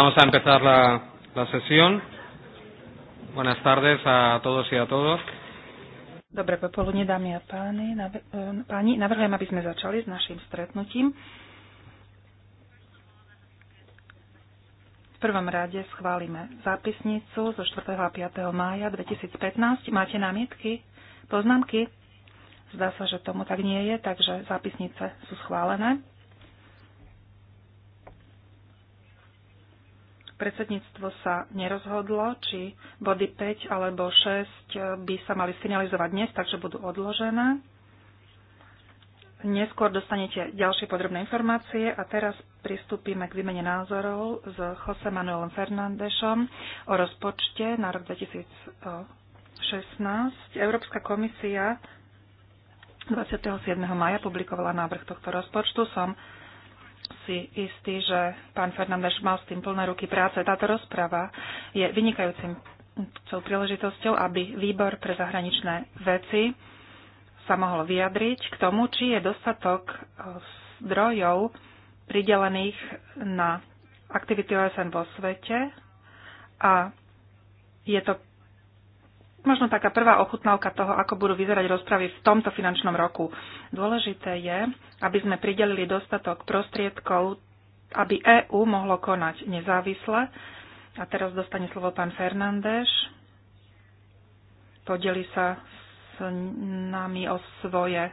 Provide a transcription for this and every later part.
Vamos a empezar la, la sesión. Buenas tardes a todos y a todos. Dobre popoludne, dámy a páni. Eh, páni, navrhujem, aby sme začali s našim stretnutím. V prvom rade schválime zápisnicu zo 4. a 5. mája 2015. Máte námietky? Poznámky? Zdá sa, že tomu tak nie je, takže zápisnice sú schválené. Predsedníctvo sa nerozhodlo, či body 5 alebo 6 by sa mali finalizovať dnes, takže budú odložené. Neskôr dostanete ďalšie podrobné informácie a teraz pristúpime k výmene názorov s Jose Manuelom Fernandešom o rozpočte na rok 2016. Európska komisia 27. maja publikovala návrh tohto rozpočtu. Som si istý, že pán Fernández mal s tým plné ruky práce. Táto rozprava je vynikajúcim tou príležitosťou, aby výbor pre zahraničné veci sa mohol vyjadriť k tomu, či je dostatok e, zdrojov pridelených na aktivity OSN vo svete a je to možno taká prvá ochutnávka toho, ako budú vyzerať rozpravy v tomto finančnom roku. Dôležité je, aby sme pridelili dostatok prostriedkov, aby EÚ mohlo konať nezávisle. A teraz dostane slovo pán Fernández. Podeli sa s nami o svoje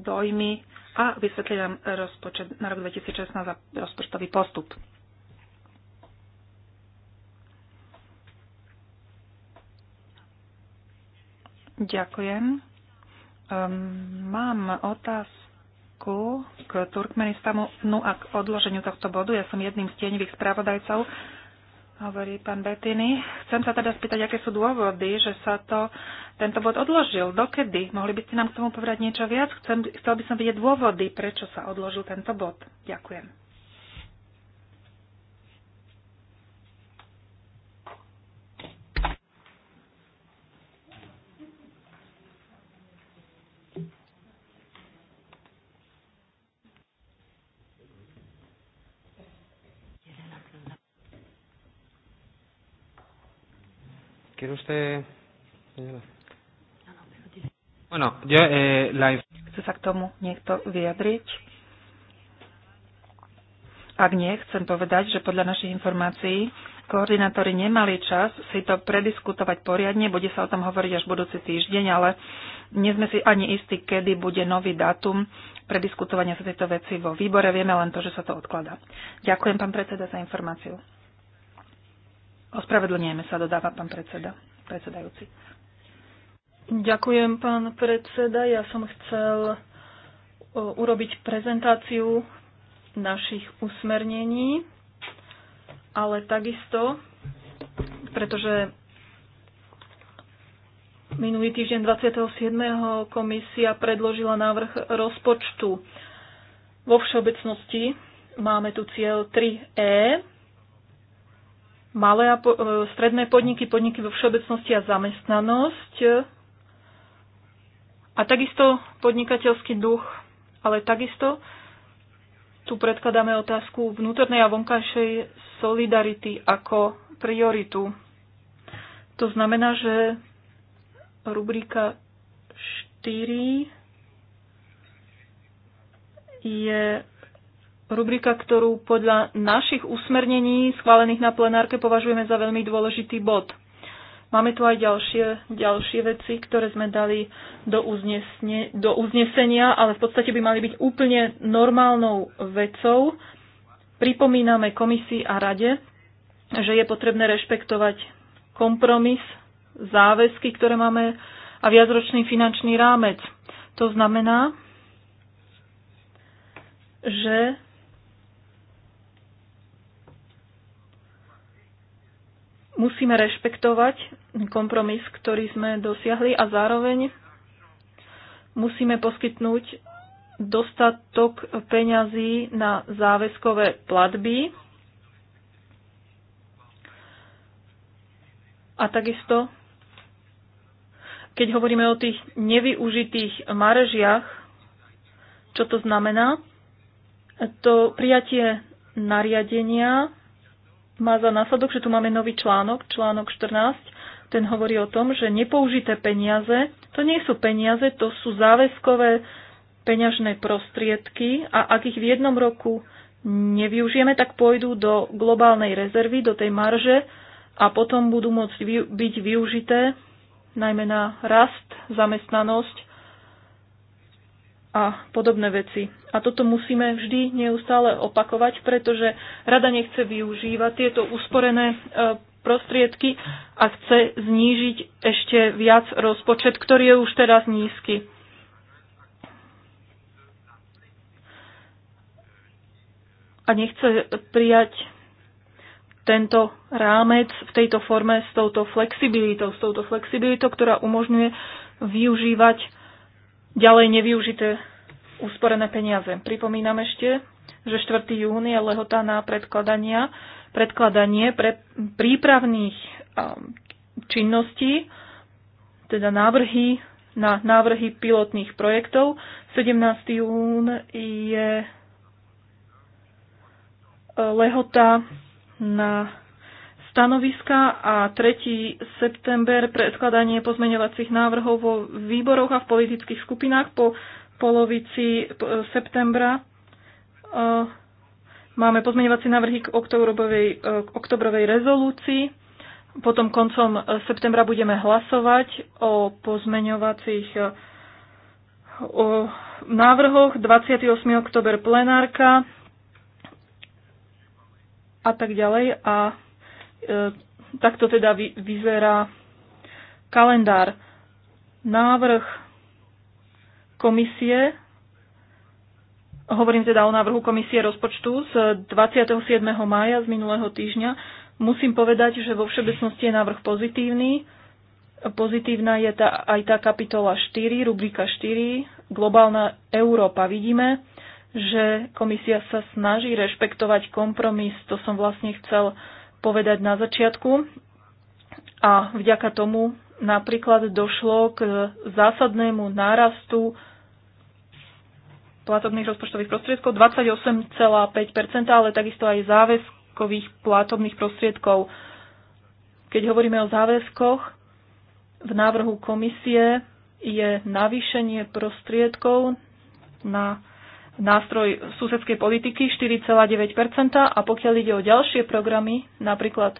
dojmy a vysvetlí nám rozpočet na rok 2016 a rozpočtový postup. Ďakujem. Um, mám otázku k Turkmenistanu no a k odloženiu tohto bodu. Ja som jedným z tieňových správodajcov, hovorí pán Betiny. Chcem sa teda spýtať, aké sú dôvody, že sa to, tento bod odložil. Dokedy? Mohli by ste nám k tomu povedať niečo viac? Chcem, chcel by som vidieť dôvody, prečo sa odložil tento bod. Ďakujem. ¿Quiere usted, señora? Bueno, yo, eh, la... Chce sa k tomu niekto vyjadriť? Ak nie, chcem povedať, že podľa našich informácií koordinátori nemali čas si to prediskutovať poriadne, bude sa o tom hovoriť až budúci týždeň, ale nie sme si ani istí, kedy bude nový dátum prediskutovania sa tejto veci vo výbore. Vieme len to, že sa to odkladá. Ďakujem, pán predseda, za informáciu. Ospravedlňujeme sa, dodáva pán predseda, predsedajúci. Ďakujem, pán predseda. Ja som chcel urobiť prezentáciu našich usmernení, ale takisto, pretože minulý týždeň 27. komisia predložila návrh rozpočtu. Vo všeobecnosti máme tu cieľ 3E, malé a po, e, stredné podniky, podniky vo všeobecnosti a zamestnanosť a takisto podnikateľský duch, ale takisto tu predkladáme otázku vnútornej a vonkajšej solidarity ako prioritu. To znamená, že rubrika 4 je rubrika, ktorú podľa našich usmernení schválených na plenárke považujeme za veľmi dôležitý bod. Máme tu aj ďalšie, ďalšie veci, ktoré sme dali do, uznesne, do uznesenia, ale v podstate by mali byť úplne normálnou vecou. Pripomíname komisii a rade, že je potrebné rešpektovať kompromis, záväzky, ktoré máme a viacročný finančný rámec. To znamená, že musíme rešpektovať kompromis, ktorý sme dosiahli a zároveň musíme poskytnúť dostatok peňazí na záväzkové platby a takisto, keď hovoríme o tých nevyužitých marežiach, čo to znamená? To prijatie nariadenia má za následok, že tu máme nový článok, článok 14. Ten hovorí o tom, že nepoužité peniaze, to nie sú peniaze, to sú záväzkové peňažné prostriedky a ak ich v jednom roku nevyužijeme, tak pôjdu do globálnej rezervy, do tej marže a potom budú môcť byť využité najmä na rast, zamestnanosť a podobné veci. A toto musíme vždy neustále opakovať, pretože rada nechce využívať tieto usporené e, prostriedky a chce znížiť ešte viac rozpočet, ktorý je už teraz nízky. A nechce prijať tento rámec v tejto forme s touto flexibilitou, s touto flexibilitou, ktorá umožňuje využívať ďalej nevyužité úsporené peniaze. Pripomínam ešte, že 4. jún je lehota na predkladania, predkladanie pre prípravných um, činností, teda návrhy na návrhy pilotných projektov. 17. jún je e, lehota na stanoviska a 3. september predkladanie pozmeňovacích návrhov vo výboroch a v politických skupinách po polovici e, septembra. E, máme pozmeňovacie návrhy k oktobrovej, e, k oktobrovej rezolúcii. Potom koncom septembra budeme hlasovať o pozmeňovacích o návrhoch 28. oktober plenárka a tak ďalej. A e, takto teda vy, vyzerá kalendár. Návrh komisie. Hovorím teda o návrhu komisie rozpočtu z 27. mája z minulého týždňa. Musím povedať, že vo všeobecnosti je návrh pozitívny. Pozitívna je tá, aj tá kapitola 4, rubrika 4, globálna Európa. Vidíme, že komisia sa snaží rešpektovať kompromis, to som vlastne chcel povedať na začiatku. A vďaka tomu napríklad došlo k zásadnému nárastu platobných rozpočtových prostriedkov 28,5%, ale takisto aj záväzkových platobných prostriedkov. Keď hovoríme o záväzkoch, v návrhu komisie je navýšenie prostriedkov na nástroj susedskej politiky 4,9% a pokiaľ ide o ďalšie programy, napríklad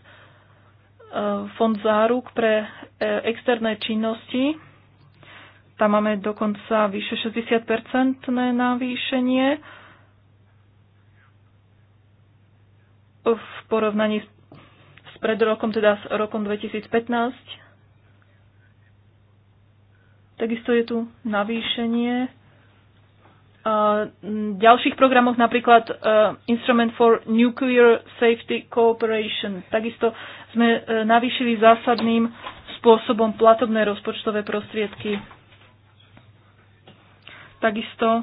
fond záruk pre e, externé činnosti. Tam máme dokonca vyše 60-percentné navýšenie v porovnaní s pred rokom, teda s rokom 2015. Takisto je tu navýšenie Eh, ďalších programoch, napríklad eh, Instrument for Nuclear Safety Cooperation. Takisto sme eh, navýšili zásadným spôsobom platobné rozpočtové prostriedky. Takisto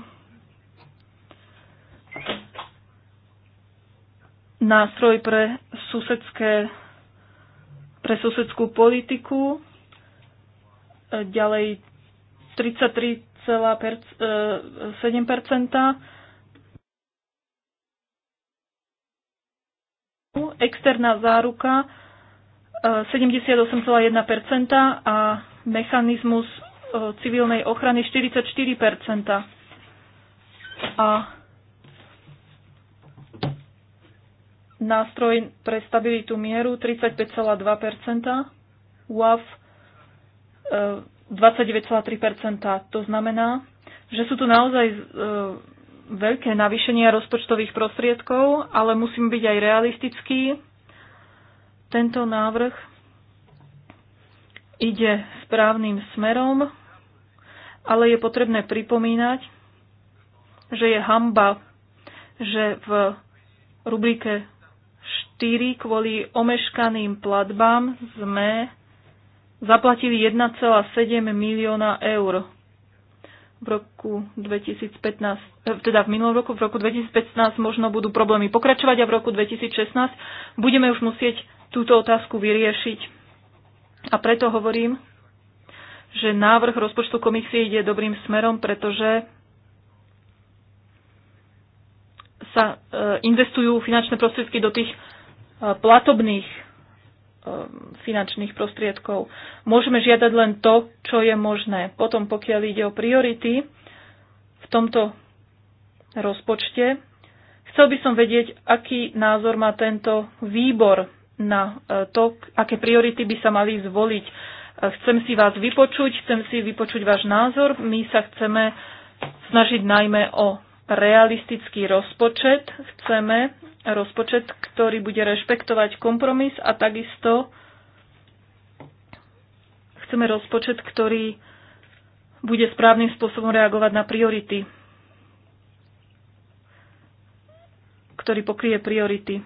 nástroj pre, susedské, pre susedskú politiku. Ďalej 33 0,7 e, externá záruka 78,1 e, a mechanizmus e, civilnej ochrany 44 a nástroj pre stabilitu mieru 35,2 UAV 29,3 To znamená, že sú tu naozaj e, veľké navýšenia rozpočtových prostriedkov, ale musím byť aj realistický. Tento návrh ide správnym smerom, ale je potrebné pripomínať, že je hamba, že v rubrike 4 kvôli omeškaným platbám sme zaplatili 1,7 milióna eur v roku 2015, e, teda v minulom roku, v roku 2015 možno budú problémy pokračovať a v roku 2016 budeme už musieť túto otázku vyriešiť. A preto hovorím, že návrh rozpočtu komisie ide dobrým smerom, pretože sa e, investujú finančné prostriedky do tých e, platobných Um, finančných prostriedkov. Môžeme žiadať len to, čo je možné. Potom, pokiaľ ide o priority v tomto rozpočte, chcel by som vedieť, aký názor má tento výbor na e, to, aké priority by sa mali zvoliť. E, chcem si vás vypočuť, chcem si vypočuť váš názor. My sa chceme snažiť najmä o realistický rozpočet. Chceme rozpočet, ktorý bude rešpektovať kompromis a takisto chceme rozpočet, ktorý bude správnym spôsobom reagovať na priority, ktorý pokrie priority.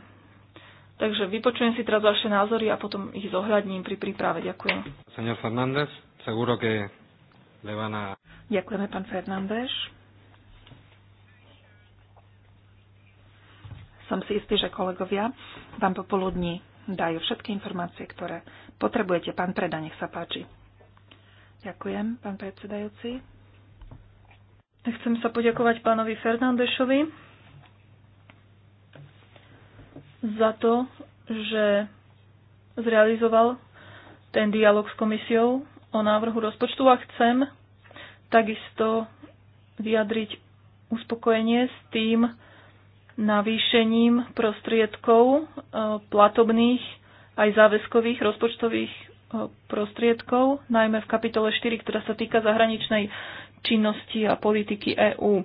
Takže vypočujem si teraz vaše názory a potom ich zohľadním pri príprave. Ďakujem. Señor Fernández, seguro que le van a... Ďakujeme, pán Fernández. som si istý, že kolegovia vám popoludní dajú všetky informácie, ktoré potrebujete. Pán Preda, nech sa páči. Ďakujem, pán predsedajúci. Chcem sa poďakovať pánovi Fernandešovi za to, že zrealizoval ten dialog s komisiou o návrhu rozpočtu a chcem takisto vyjadriť uspokojenie s tým, navýšením prostriedkov e, platobných aj záväzkových rozpočtových e, prostriedkov, najmä v kapitole 4, ktorá sa týka zahraničnej činnosti a politiky EÚ.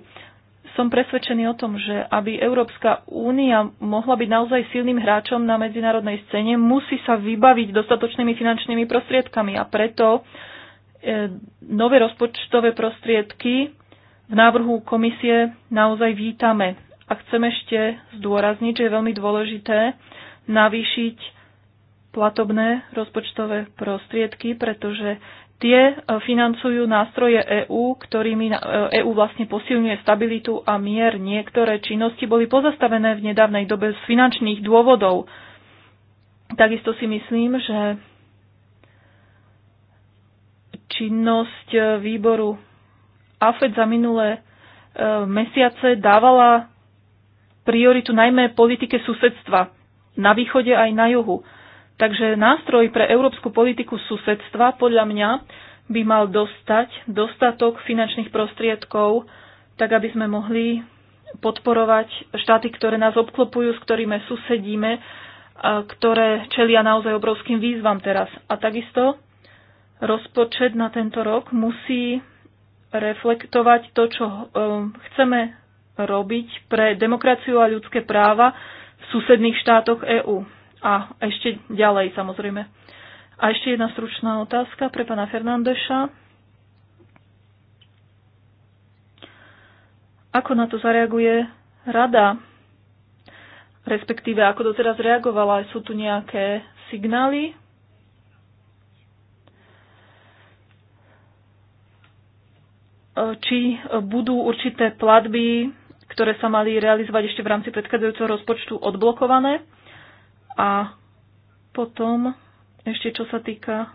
Som presvedčený o tom, že aby Európska únia mohla byť naozaj silným hráčom na medzinárodnej scéne, musí sa vybaviť dostatočnými finančnými prostriedkami a preto e, nové rozpočtové prostriedky v návrhu komisie naozaj vítame a chcem ešte zdôrazniť, že je veľmi dôležité navýšiť platobné rozpočtové prostriedky, pretože tie e, financujú nástroje EÚ, ktorými EÚ e vlastne posilňuje stabilitu a mier. Niektoré činnosti boli pozastavené v nedávnej dobe z finančných dôvodov. Takisto si myslím, že činnosť e, výboru AFED za minulé mesiace dávala prioritu najmä politike susedstva na východe aj na juhu. Takže nástroj pre európsku politiku susedstva podľa mňa by mal dostať dostatok finančných prostriedkov, tak aby sme mohli podporovať štáty, ktoré nás obklopujú, s ktorými susedíme, a ktoré čelia naozaj obrovským výzvam teraz. A takisto rozpočet na tento rok musí reflektovať to, čo ehm, chceme robiť pre demokraciu a ľudské práva v susedných štátoch EÚ. A ešte ďalej, samozrejme. A ešte jedna stručná otázka pre pána Fernandeša. Ako na to zareaguje rada? Respektíve, ako doteraz reagovala? Sú tu nejaké signály? Či budú určité platby ktoré sa mali realizovať ešte v rámci predchádzajúceho rozpočtu, odblokované. A potom ešte čo sa týka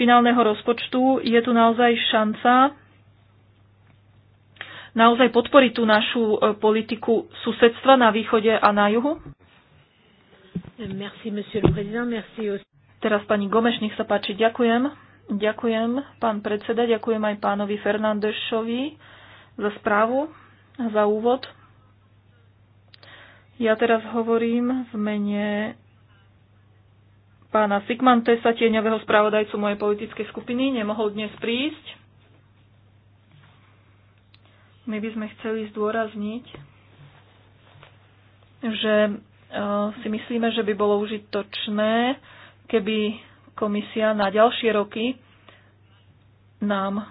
finálneho rozpočtu, je tu naozaj šanca naozaj podporiť tú našu e, politiku susedstva na východe a na juhu? Merci, monsieur le président. Merci aussi. Teraz pani Gomeš, nech sa páči, ďakujem. Ďakujem, pán predseda, ďakujem aj pánovi Fernandešovi za správu za úvod. Ja teraz hovorím v mene pána Sigmantesa, tieňového spravodajcu mojej politickej skupiny. Nemohol dnes prísť. My by sme chceli zdôrazniť, že e, si myslíme, že by bolo užitočné, keby komisia na ďalšie roky nám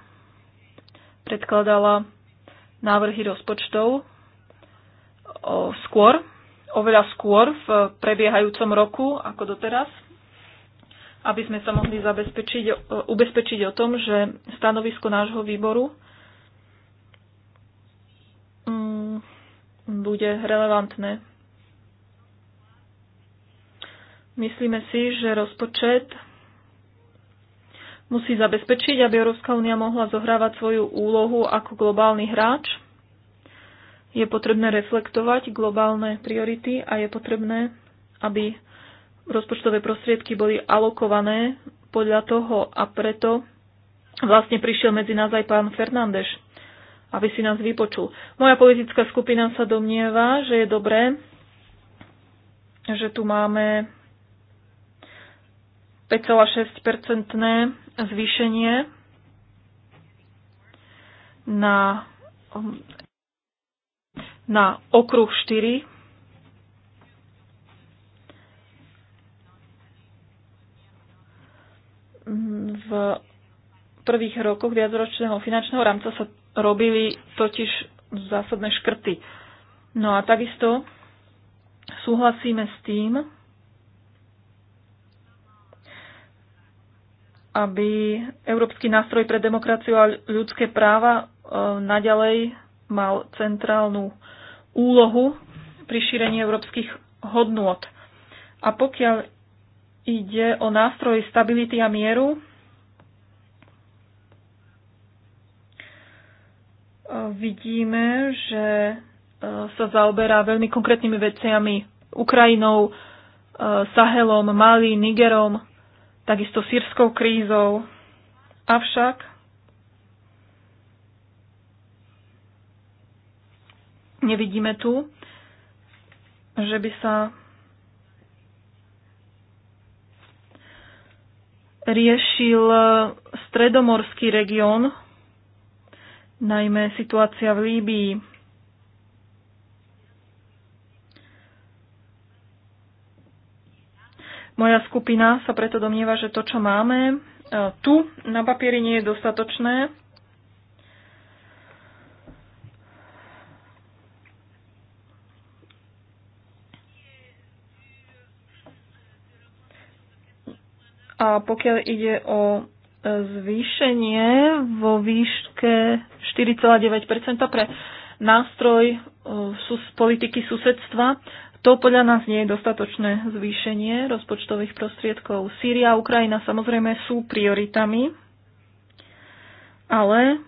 predkladala návrhy rozpočtov skôr, oveľa skôr v prebiehajúcom roku ako doteraz, aby sme sa mohli zabezpečiť, ubezpečiť o tom, že stanovisko nášho výboru mm, bude relevantné. Myslíme si, že rozpočet musí zabezpečiť, aby Európska únia mohla zohrávať svoju úlohu ako globálny hráč. Je potrebné reflektovať globálne priority a je potrebné, aby rozpočtové prostriedky boli alokované podľa toho a preto vlastne prišiel medzi nás aj pán Fernández, aby si nás vypočul. Moja politická skupina sa domnieva, že je dobré, že tu máme 5,6-percentné zvýšenie na, um, na okruh 4 v prvých rokoch viacročného finančného rámca sa robili totiž zásadné škrty. No a takisto súhlasíme s tým, aby Európsky nástroj pre demokraciu a ľudské práva e, naďalej mal centrálnu úlohu pri šírení európskych hodnôt. A pokiaľ ide o nástroj stability a mieru, e, vidíme, že e, sa zaoberá veľmi konkrétnymi veciami Ukrajinou, Sahelom, Mali, Nigerom takisto sírskou krízou. Avšak nevidíme tu, že by sa riešil stredomorský región, najmä situácia v Líbii. Moja skupina sa preto domnieva, že to, čo máme e, tu na papieri, nie je dostatočné. A pokiaľ ide o e, zvýšenie vo výške 4,9 pre nástroj e, politiky susedstva. To podľa nás nie je dostatočné zvýšenie rozpočtových prostriedkov. Sýria a Ukrajina samozrejme sú prioritami, ale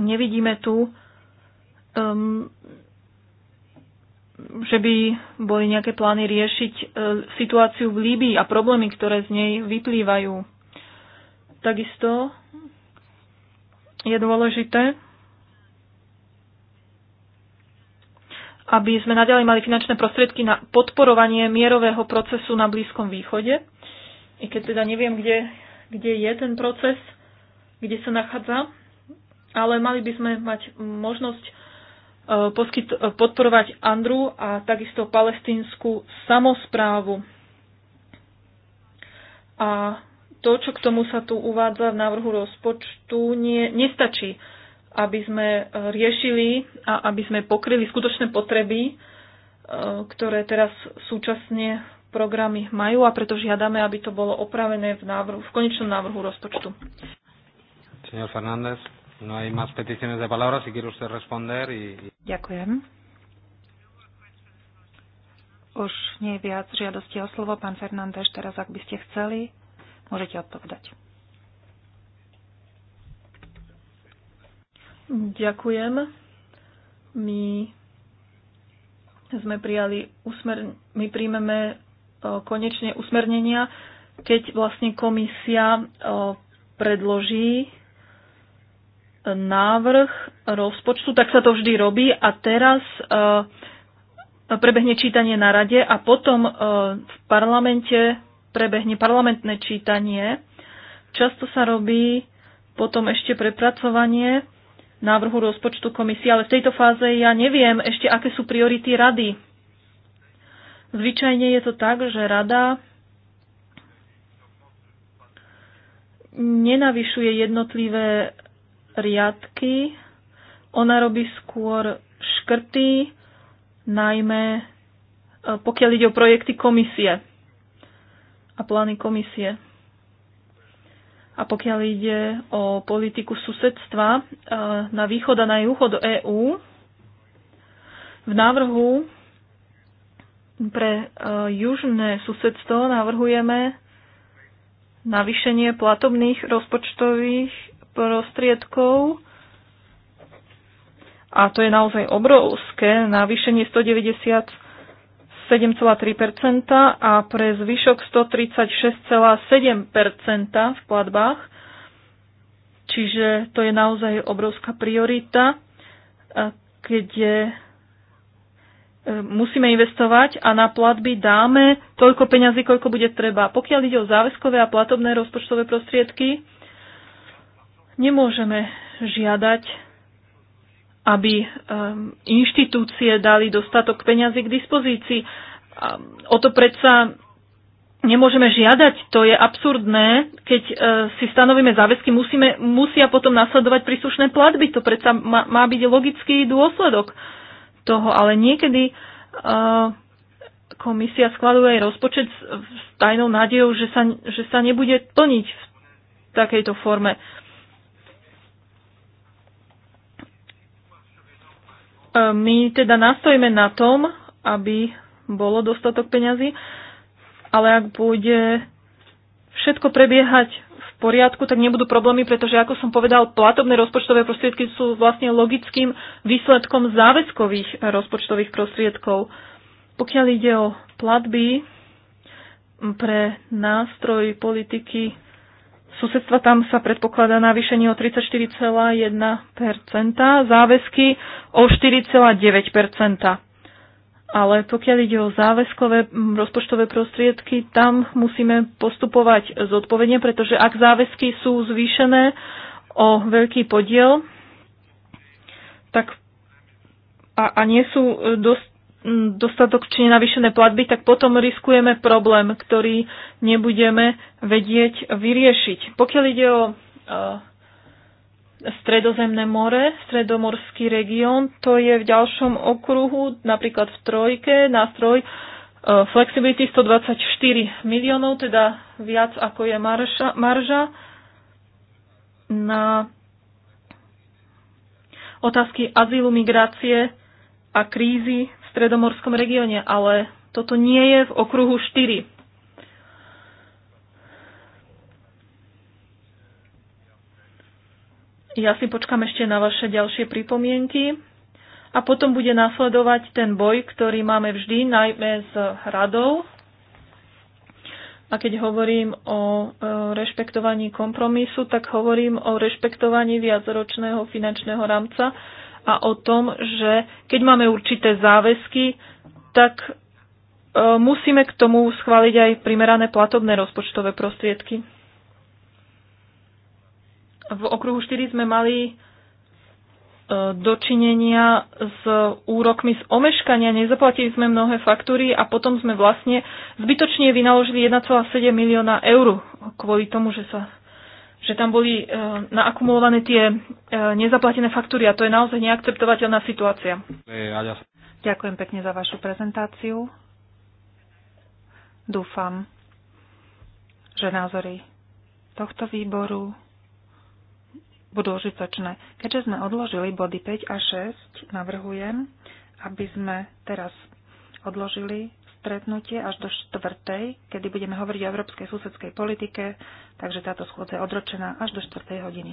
nevidíme tu, um, že by boli nejaké plány riešiť uh, situáciu v Líbii a problémy, ktoré z nej vyplývajú. Takisto je dôležité, aby sme nadalej mali finančné prostriedky na podporovanie mierového procesu na Blízkom východe. I keď teda neviem, kde, kde je ten proces, kde sa nachádza, ale mali by sme mať možnosť e, poskyt, podporovať Andru a takisto palestínsku samozprávu. A to, čo k tomu sa tu uvádza v návrhu rozpočtu, nie, nestačí aby sme e, riešili a aby sme pokryli skutočné potreby, e, ktoré teraz súčasne programy majú a preto žiadame, aby to bolo opravené v, návrhu, v konečnom návrhu rozpočtu. Señor Fernández, no hay más peticiones de palabra, si quiere usted responder. Y... Ďakujem. Už nie je viac žiadosti o slovo. Pán Fernández, teraz ak by ste chceli, môžete odpovedať. Ďakujem. My sme prijali usmer... my príjmeme konečne usmernenia, keď vlastne komisia predloží návrh rozpočtu, tak sa to vždy robí a teraz prebehne čítanie na rade a potom v parlamente prebehne parlamentné čítanie. Často sa robí potom ešte prepracovanie návrhu rozpočtu komisie, ale v tejto fáze ja neviem ešte, aké sú priority rady. Zvyčajne je to tak, že rada nenavyšuje jednotlivé riadky, ona robí skôr škrty, najmä e, pokiaľ ide o projekty komisie a plány komisie. A pokiaľ ide o politiku susedstva e, na východ a na juho do EÚ, v návrhu pre e, južné susedstvo navrhujeme navýšenie platobných rozpočtových prostriedkov a to je naozaj obrovské navýšenie 190 7,3% a pre zvyšok 136,7% v platbách. Čiže to je naozaj obrovská priorita, keď je, e, musíme investovať a na platby dáme toľko peňazí, koľko bude treba. Pokiaľ ide o záväzkové a platobné rozpočtové prostriedky, nemôžeme žiadať aby um, inštitúcie dali dostatok peňazí k dispozícii. Um, o to predsa nemôžeme žiadať, to je absurdné. Keď uh, si stanovíme záväzky, musíme, musia potom nasledovať príslušné platby. To predsa má, má byť logický dôsledok toho, ale niekedy uh, komisia skladuje aj rozpočet s tajnou nádejou, že sa, že sa nebude plniť v takejto forme. Uh, My teda nastojíme na tom, aby bolo dostatok peňazí, ale ak bude všetko prebiehať v poriadku, tak nebudú problémy, pretože ako som povedal, platobné rozpočtové prostriedky sú vlastne logickým výsledkom záväzkových rozpočtových prostriedkov. Pokiaľ ide o platby pre nástroj politiky susedstva, tam sa predpokladá navýšenie o 34,1%, záväzky o 4,9%. Ale pokiaľ ide o záväzkové rozpočtové prostriedky, tam musíme postupovať zodpovedne, pretože ak záväzky sú zvýšené o veľký podiel, tak a, a nie sú dosť dostatočne navýšené platby, tak potom riskujeme problém, ktorý nebudeme vedieť vyriešiť. Pokiaľ ide o e, Stredozemné more, stredomorský región, to je v ďalšom okruhu, napríklad v trojke, nástroj e, flexibility 124 miliónov, teda viac ako je marža, marža na otázky azylu, migrácie a krízy stredomorskom regióne, ale toto nie je v okruhu 4. Ja si počkam ešte na vaše ďalšie pripomienky a potom bude nasledovať ten boj, ktorý máme vždy, najmä s hradou. A keď hovorím o e, rešpektovaní kompromisu, tak hovorím o rešpektovaní viacročného finančného rámca a o tom, že keď máme určité záväzky, tak e, musíme k tomu schváliť aj primerané platobné rozpočtové prostriedky. V okruhu 4 sme mali e, dočinenia s úrokmi z omeškania, nezaplatili sme mnohé faktúry a potom sme vlastne zbytočne vynaložili 1,7 milióna eur kvôli tomu, že sa že tam boli e, naakumulované tie e, nezaplatené faktúry a to je naozaj neakceptovateľná situácia. Ďakujem pekne za vašu prezentáciu. Dúfam, že názory tohto výboru budú užitočné. Keďže sme odložili body 5 a 6, navrhujem, aby sme teraz odložili stretnutie až do štvrtej, kedy budeme hovoriť o európskej susedskej politike, takže táto schôdza je odročená až do štvrtej hodiny.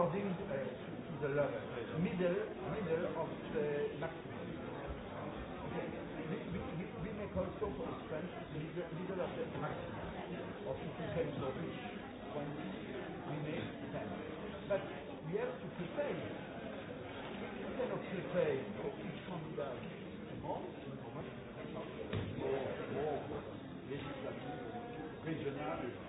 according uh, to the left, middle, middle of the maximum. Okay. We, we, we, we make also for French middle, middle of the maximum. Or if you can go reach 20, we make 10. But we have to prepare. We cannot prepare for each candidate a month, more, more legislative, regional.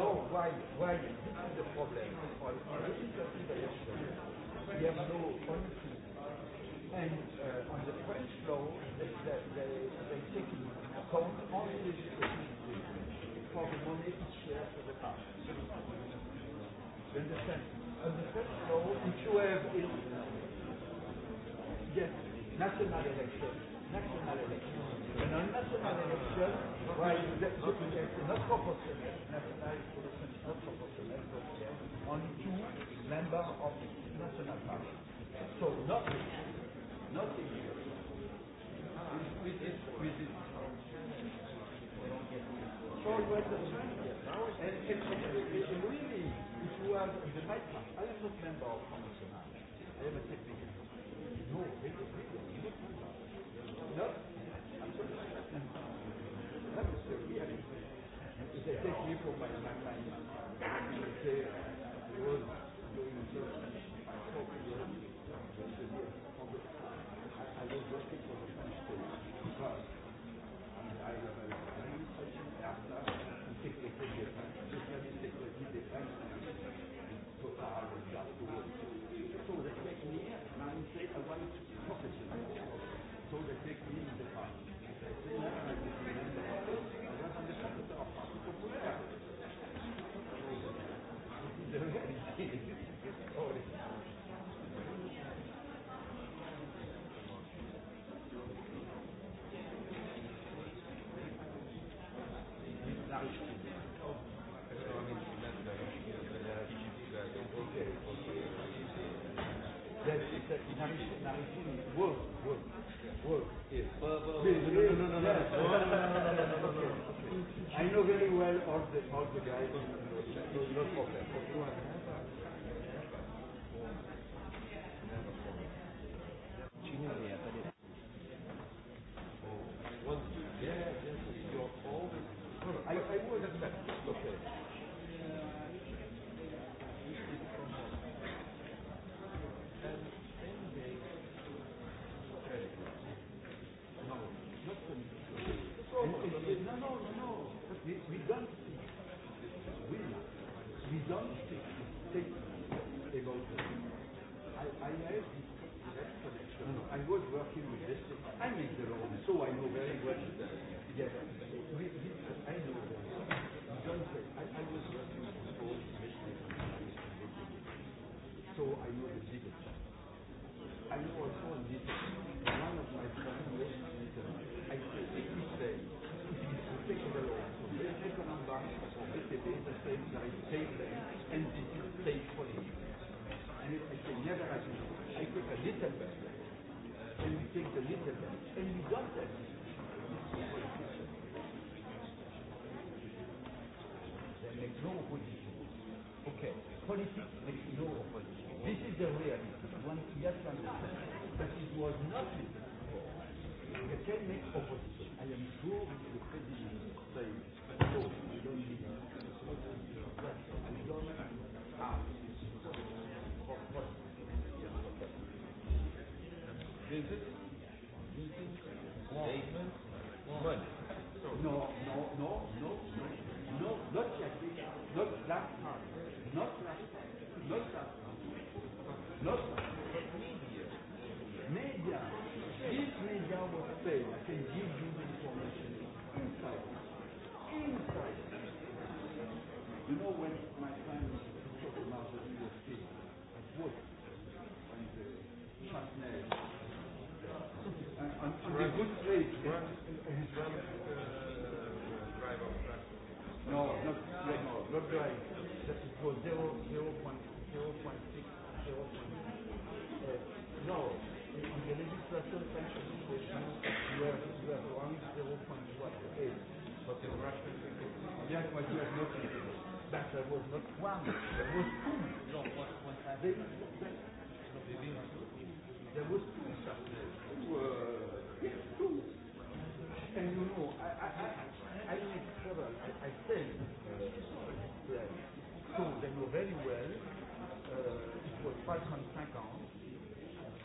know why, why this is the problem on legislative election. We have no policy. And uh, on the French law, they, they, they, they take in account only legislative for the money each year for the past. You understand? On the French law, if you have in, yes, national election, national election, nationale élection, voilà, vous êtes obligé, c'est notre proportionnel, national proportionnel, notre proportionnel, two member of national party. So not not the year. So you the strength, I am not member of No, no, no, I know very well all the all the guys. there was not one, there was two. No, one, one time. Uh, there, no, there was two chapters, two, uh, two. And you know, I, I, I, I made trouble. I, I said, uh, so they know very well, uh, it was 550,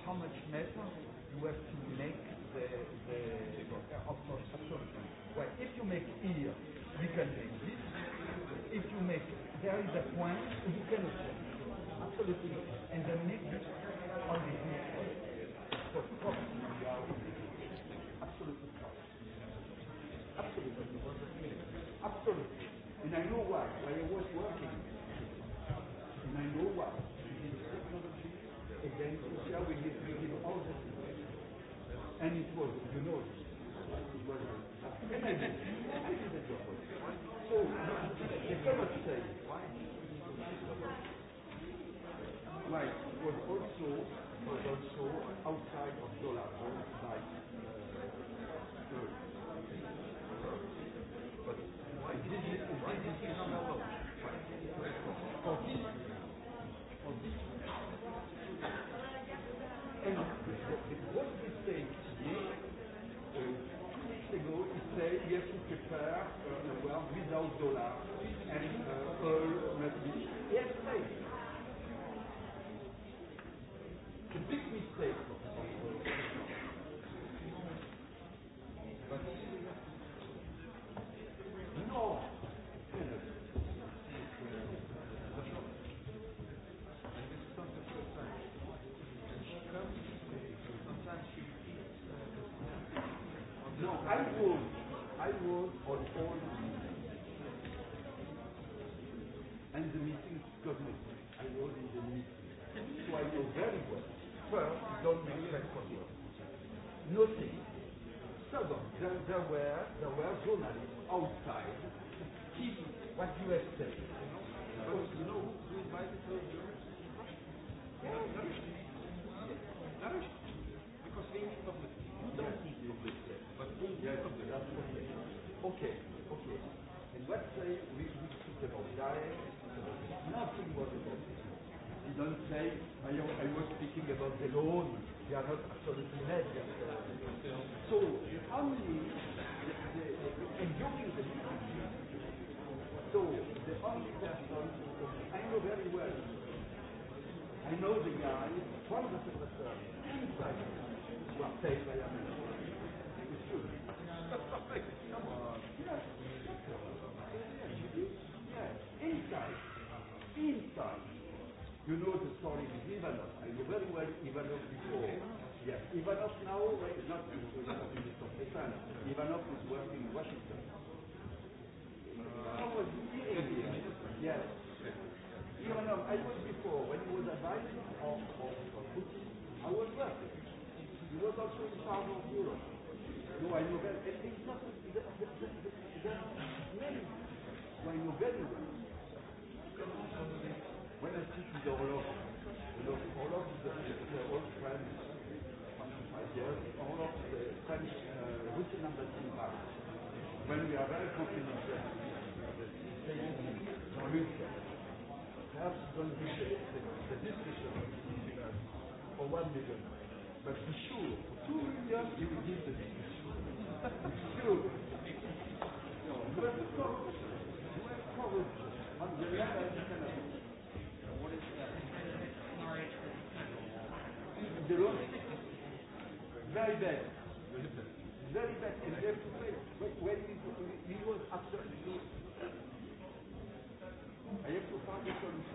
how much metal you have to make the, the absorption. Well, if you make here, we can make this if there is a point you can afford. Absolutely. And the next on the for Absolutely. Absolutely. Absolutely. And I know why. Why I was working. And I know why. then we did, we did all And it was, you know, it was, and I job so, it's so alone. They are not absolutely led. So it's only enjoying the So the only person I know very well. I know the guy, one of the inside, who uh, are paid by a It's Inside. Inside. You know the story Ivanov before. Yes, Ivanov now, right, not before, not before Pesan. Ivanov is working in Washington. Uh, How was he in India? Yes. Ivanov, I was before, when he was advising of, of Putin, I was working. He was also in charge of Europe. No, I know that. And it's not, there, there, there are many who I know very well. When I speak with Orlov, all of the, the old French, five years, all of the French uh, written numbers in Paris. When we are very confident that perhaps don't be the, the discussion for one million, but for sure, two million, you will give the discussion. very bad. Very bad. And they have to pay. When he, he was absolutely. I have to find a solution.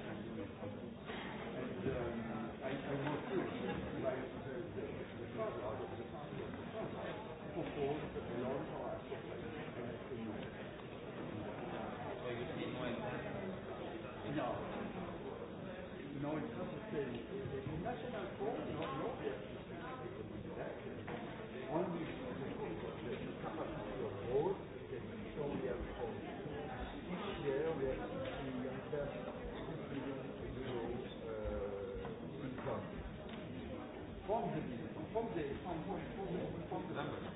Danke.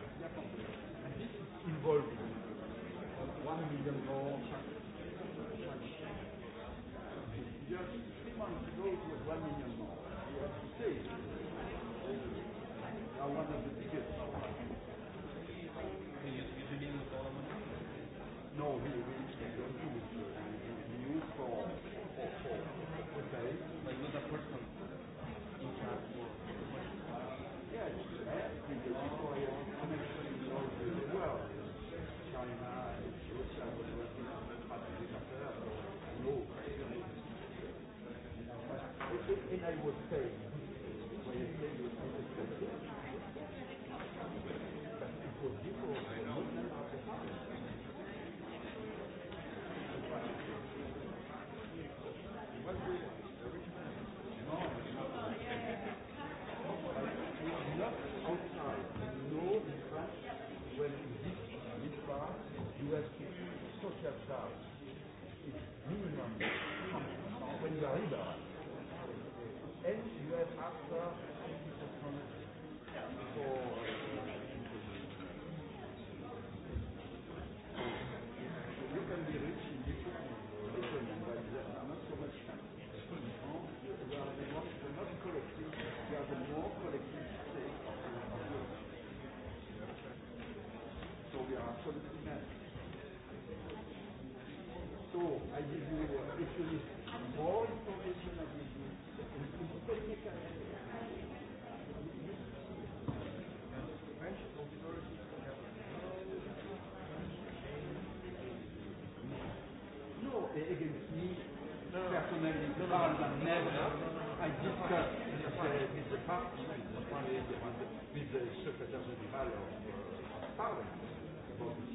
der übrigens nie personalisiert, sondern never. I discussed this, uh, this department, one of the secretary general of Parliament, about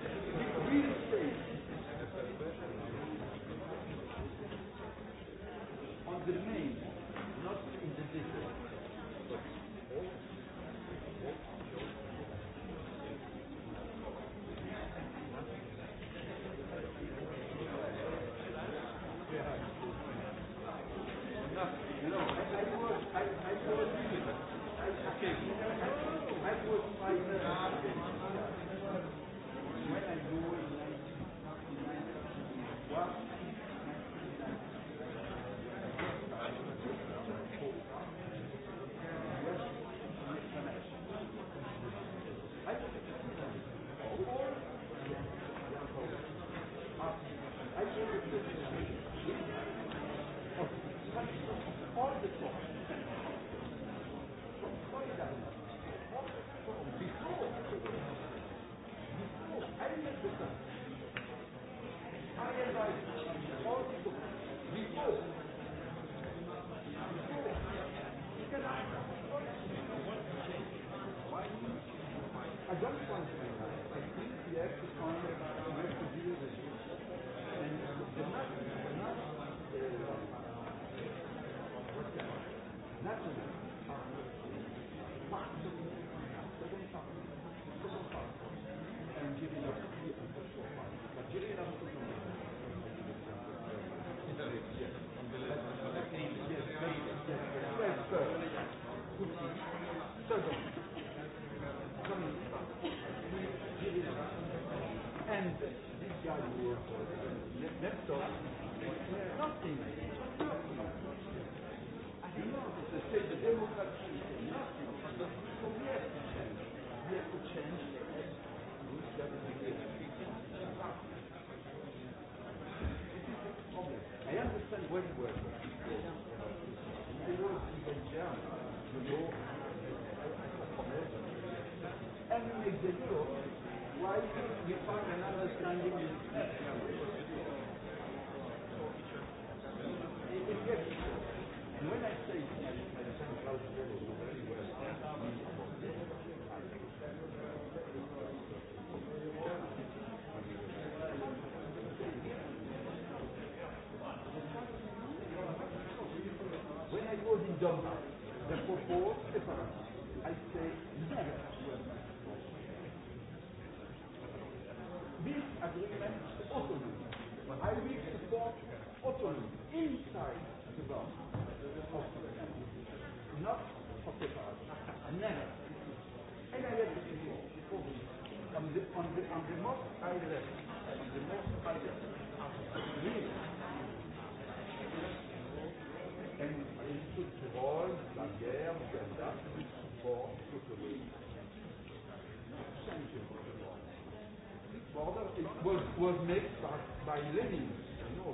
was made by, by Lenin. No.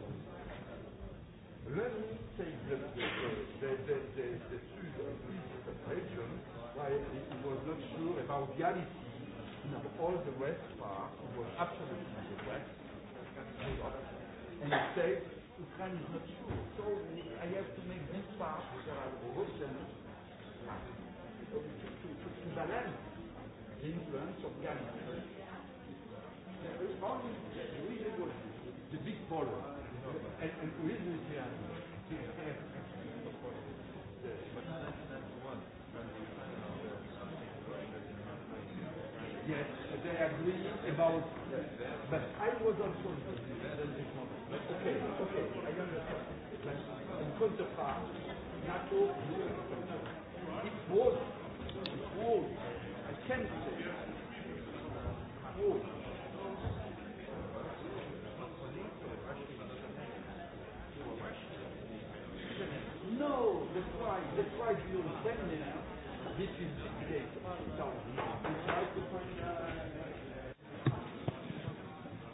Lenin said that the, the, the, the, the Sud of this region why he was not sure about reality No. all the West part, he was absolutely the West, and he said, Ukraine is not sure, so I have to make this part, which are the to, to, to, to balance the influence of reality only reasonable, the big problem, and, and reason is here. Yes, they agree about, but I was also. Okay, okay, I understand. But in counterpart, NATO, it was, it was, I can say, it was.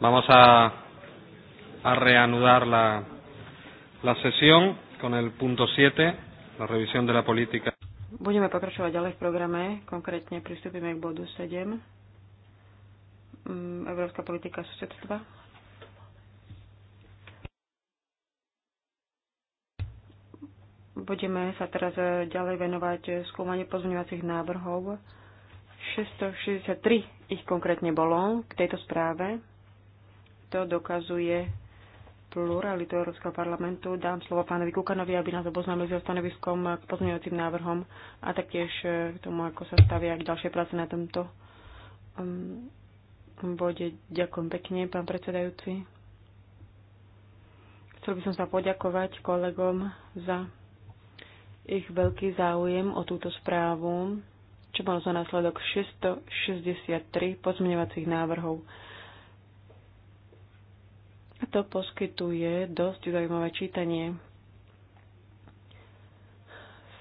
Vamos a, a reanudar la, la sesión con el punto 7, la revisión de la política. Budeme pokračovať ďalej v programe, konkrétne pristúpime k bodu 7, mm, Európska politika susedstva. Budeme sa teraz e, ďalej venovať e, skúmaniu pozmeňovacích návrhov. 663 ich konkrétne bolo k tejto správe. To dokazuje pluralitu Európskeho parlamentu. Dám slovo pánovi Kukanovi, aby nás oboznámil s jeho stanoviskom k pozmeňovacím návrhom a taktiež e, k tomu, ako sa stavia k ďalšej práce na tomto um, bode. Ďakujem pekne, pán predsedajúci. Chcel by som sa poďakovať kolegom za ich veľký záujem o túto správu, čo malo za následok 663 pozmeňovacích návrhov. A to poskytuje dosť zaujímavé čítanie.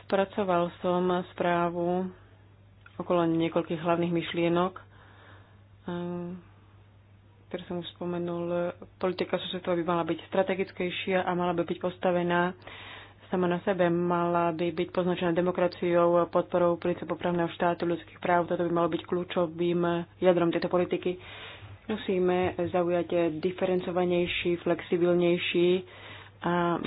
Spracoval som správu okolo niekoľkých hlavných myšlienok, eh, ktoré som už spomenul. Politika susedstva by mala byť strategickejšia a mala by byť postavená sama na sebe mala by byť poznačená demokraciou, podporou princípov právneho štátu, ľudských práv. Toto by malo byť kľúčovým jadrom tejto politiky. Musíme zaujať diferencovanejší, flexibilnejší a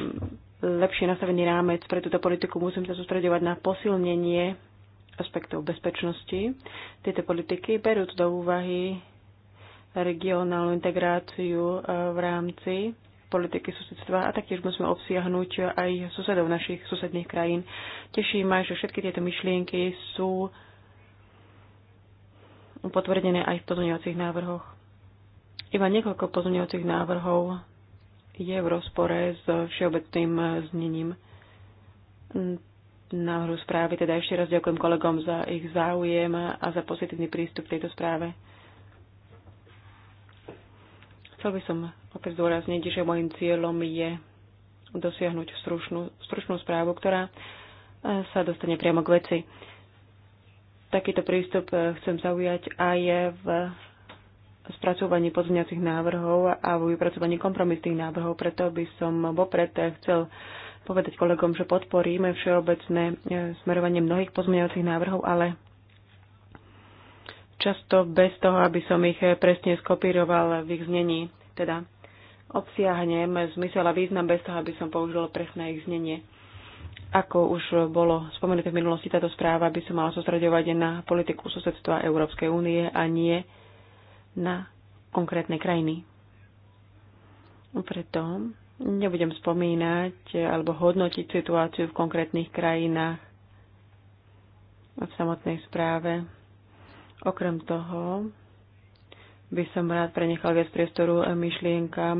lepšie nastavený rámec pre túto politiku. Musím sa sústredovať na posilnenie aspektov bezpečnosti tejto politiky, berú do úvahy regionálnu integráciu eh, v rámci politiky susedstva a taktiež musíme obsiahnuť aj susedov našich susedných krajín. Teší ma, že všetky tieto myšlienky sú potvrdené aj v pozorňovacích návrhoch. Iba niekoľko pozorňovacích návrhov je v rozpore s všeobecným znením návrhu správy. Teda ešte raz ďakujem kolegom za ich záujem a za pozitívny prístup k tejto správe. Chcel by som opäť zdôrazniť, že môjim cieľom je dosiahnuť stručnú, stručnú správu, ktorá e, sa dostane priamo k veci. Takýto prístup e, chcem zaujať aj v spracovaní pozmeňacích návrhov a v vypracovaní kompromisných návrhov. Preto by som vopred e, chcel povedať kolegom, že podporíme všeobecné smerovanie mnohých pozmeňovacích návrhov, ale často bez toho, aby som ich eh, presne skopíroval v ich znení. Teda obsiahnem zmysel a význam bez toho, aby som použil presné ich znenie. Ako už bolo spomenuté v minulosti, táto správa by sa mala sústredovať na politiku susedstva Európskej únie a nie na konkrétne krajiny. Preto nebudem spomínať alebo hodnotiť situáciu v konkrétnych krajinách v samotnej správe Okrem toho by som rád prenechal viac priestoru myšlienkam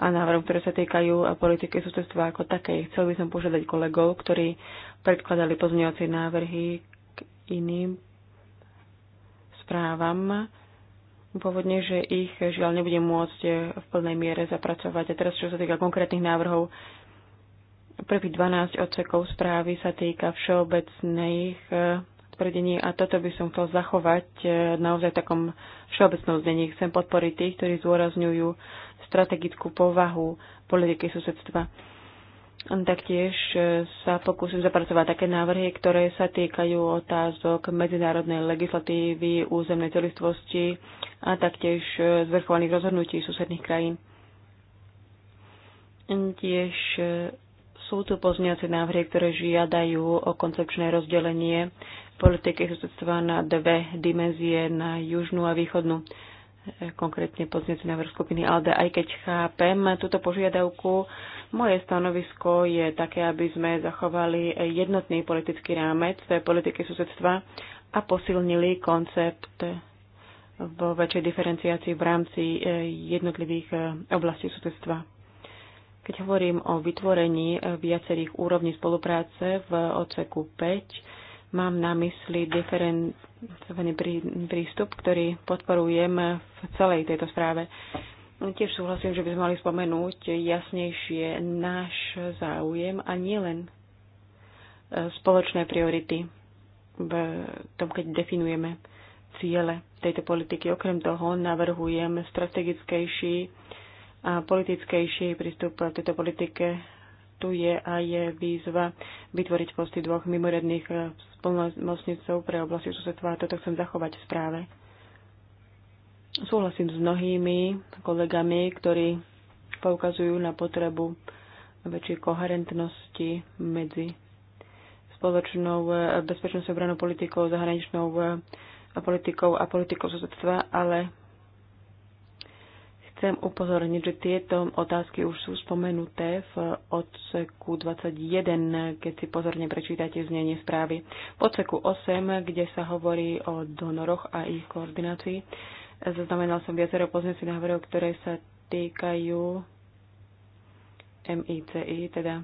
a návrhom, ktoré sa týkajú politiky sústredstva ako takej. Chcel by som požiadať kolegov, ktorí predkladali pozmeňovacie návrhy k iným správam, pôvodne, že ich žiaľ nebudem môcť v plnej miere zapracovať. A teraz, čo sa týka konkrétnych návrhov, prvých 12 odsekov správy sa týka všeobecných sústredení a toto by som chcel zachovať e, naozaj takom všeobecnom znení. Chcem podporiť tých, ktorí zdôrazňujú strategickú povahu politiky susedstva. Taktiež e, sa pokúsim zapracovať také návrhy, ktoré sa týkajú otázok medzinárodnej legislatívy, územnej celistvosti a taktiež e, zvrchovaných rozhodnutí susedných krajín. Tiež sú tu pozňovacie návrhy, ktoré žiadajú o koncepčné rozdelenie politike susedstva na dve dimenzie, na južnú a východnú, konkrétne pozniecí návrh skupiny ALDE. Aj keď chápem túto požiadavku, moje stanovisko je také, aby sme zachovali jednotný politický rámec politiky susedstva a posilnili koncept vo väčšej diferenciácii v rámci eh, jednotlivých eh, oblastí susedstva. Keď hovorím o vytvorení eh, viacerých úrovní spolupráce v odseku 5, Mám na mysli diferencovaný prístup, ktorý podporujem v celej tejto správe. Tiež súhlasím, že by sme mali spomenúť jasnejšie náš záujem a nielen e, spoločné priority v tom, keď definujeme ciele tejto politiky. Okrem toho navrhujem strategickejší a politickejší prístup k tejto politike tu je aj výzva vytvoriť posty dvoch mimoriadných eh, spolnomocnicov pre oblasti susedstva a toto chcem zachovať v správe. Súhlasím s mnohými kolegami, ktorí poukazujú na potrebu väčšej koherentnosti medzi spoločnou eh, bezpečnosťou obranou politikou, zahraničnou eh, politikou a politikou susedstva, ale Chcem upozorniť, že tieto otázky už sú spomenuté v odseku 21, keď si pozorne prečítate znenie správy. V odseku 8, kde sa hovorí o donoroch a ich koordinácii, zaznamenal som viacero poznesí návrhov, ktoré sa týkajú MICI, teda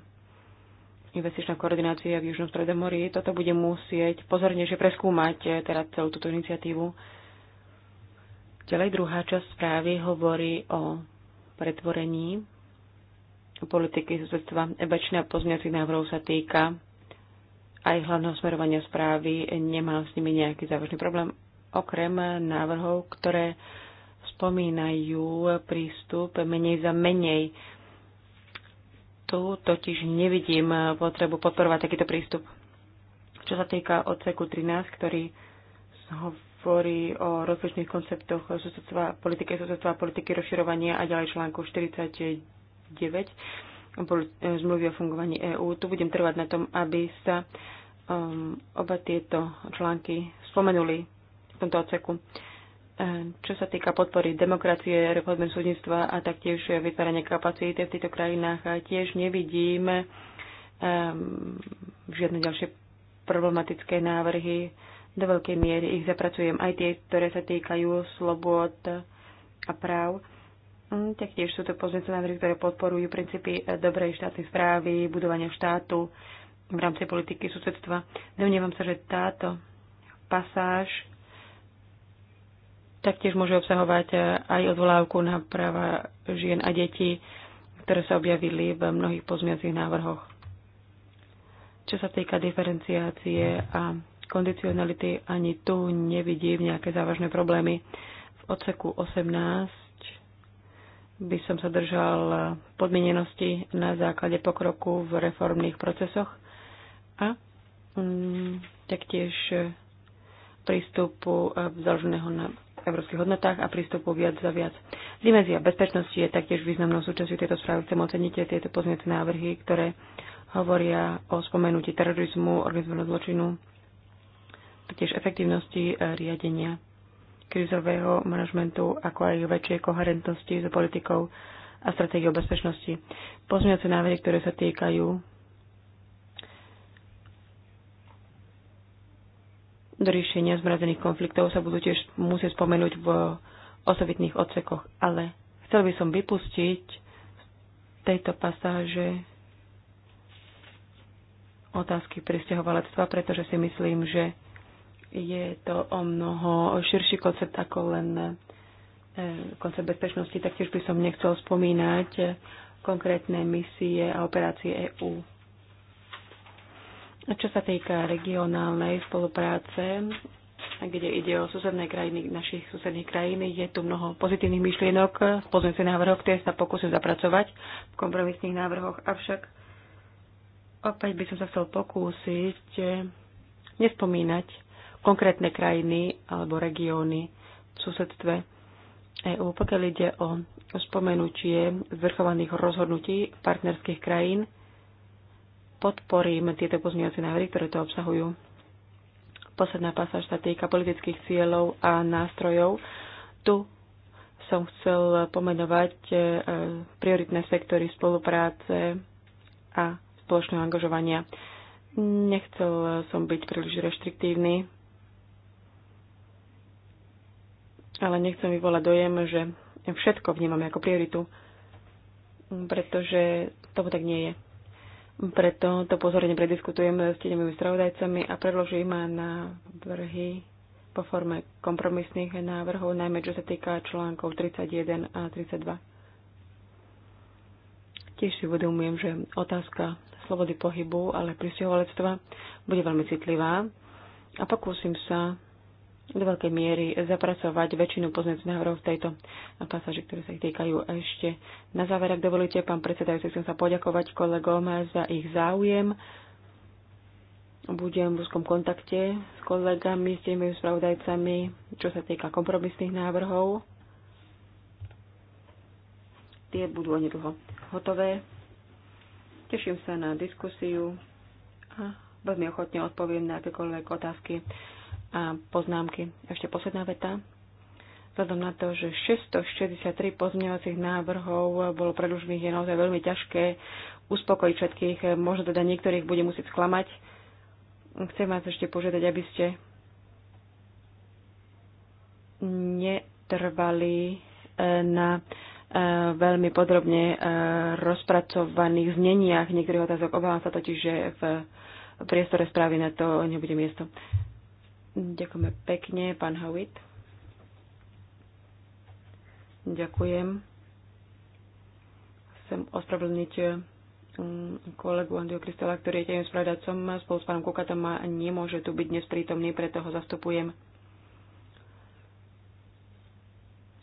investičná koordinácia v Južnom stredomorí. Toto bude musieť pozornejšie preskúmať eh, teda celú túto iniciatívu Ďalej druhá časť správy hovorí o pretvorení politiky susedstva. Väčšina pozmiacich návrhov sa týka aj hlavného smerovania správy. Nemám s nimi nejaký závažný problém, okrem návrhov, ktoré spomínajú prístup menej za menej. Tu totiž nevidím potrebu podporovať takýto prístup. Čo sa týka odseku 13, ktorý hovorí o rozličných konceptoch sústavstva, politiky a politiky rozširovania a ďalej článku 49 e, zmluvy o fungovaní EÚ. Tu budem trvať na tom, aby sa um, oba tieto články spomenuli v tomto odseku. E, čo sa týka podpory demokracie, reformy súdnictva a taktiež vytvárania kapacity v týchto krajinách, tiež nevidíme um, žiadne ďalšie problematické návrhy do veľkej miery ich zapracujem, aj tie, ktoré sa týkajú slobod a práv. Mm, taktiež sú to pozmeňujúce návrhy, ktoré podporujú princípy e, dobrej štátnej správy, budovania štátu v rámci politiky susedstva. Domnievam sa, že táto pasáž taktiež môže obsahovať e, aj odvolávku na práva žien a detí, ktoré sa objavili v mnohých pozmiacich návrhoch. Čo sa týka diferenciácie a kondicionality ani tu nevidím nejaké závažné problémy. V odseku 18 by som sa držal podmienenosti na základe pokroku v reformných procesoch a mm, taktiež prístupu e, založeného na európskych hodnotách a prístupu viac za viac. Dimenzia bezpečnosti je taktiež významnou súčasťou tejto správy. Chcem oceniť tieto pozmiece návrhy, ktoré hovoria o spomenutí terorizmu, organizovaného zločinu, taktiež efektívnosti e, riadenia krizového manažmentu, ako aj väčšej koherentnosti s politikou a stratégiou bezpečnosti. Pozmeňovacie návrhy, ktoré sa týkajú do riešenia zmrazených konfliktov, sa budú tiež musieť spomenúť v osobitných odsekoch. Ale chcel by som vypustiť z tejto pasáže otázky pristahovalectva, pretože si myslím, že je to o mnoho širší koncept ako len e, koncept bezpečnosti, taktiež by som nechcel spomínať e, konkrétne misie a operácie EÚ. Čo sa týka regionálnej spolupráce, kde ide o susedné krajiny našich susedných krajín, je tu mnoho pozitívnych myšlienok v návrhov, ktoré sa pokúsim zapracovať v kompromisných návrhoch, avšak opäť by som sa chcel pokúsiť e, nespomínať konkrétne krajiny alebo regióny v susedstve EÚ. Pokiaľ ide o spomenutie zvrchovaných rozhodnutí partnerských krajín, podporím tieto pozmeňovacie návrhy, ktoré to obsahujú. Posledná pasáž sa týka politických cieľov a nástrojov. Tu som chcel pomenovať e, prioritné sektory spolupráce a spoločného angažovania. Nechcel som byť príliš reštriktívny. ale nechcem vyvolať dojem, že všetko vnímame ako prioritu, pretože to tak nie je. Preto to pozorne prediskutujeme s tieňovými stravodajcami a predložím na vrhy po forme kompromisných návrhov, najmä čo sa týka článkov 31 a 32. Tiež si uvedomujem, že otázka slobody pohybu, ale pristahovalectva bude veľmi citlivá a pokúsim sa do veľkej miery zapracovať väčšinu poznacích návrhov v tejto pasáži, ktoré sa ich týkajú. ešte na záver, ak dovolíte, pán predsedajúci, chcem sa poďakovať kolegom za ich záujem. Budem v úzkom kontakte s kolegami, s tými spravodajcami, čo sa týka kompromisných návrhov. Tie budú onedlho hotové. Teším sa na diskusiu a veľmi ochotne odpoviem na akékoľvek otázky a poznámky. Ešte posledná veta. Vzhľadom na to, že 663 pozmeňovacích návrhov bolo predlužených, je naozaj veľmi ťažké uspokojiť všetkých. Možno teda niektorých bude musieť sklamať. Chcem vás ešte požiadať, aby ste netrvali e, na e, veľmi podrobne e, rozpracovaných zneniach niektorých otázok. Obávam sa totiž, že v priestore správy na to nebude miesto. Ďakujeme pekne, pán Howitt. Ďakujem. Chcem ospravedlniť mm, kolegu Andrew Kristela, ktorý je tým spravedacom spolu s pánom Kukatom a nemôže tu byť dnes prítomný, preto ho zastupujem.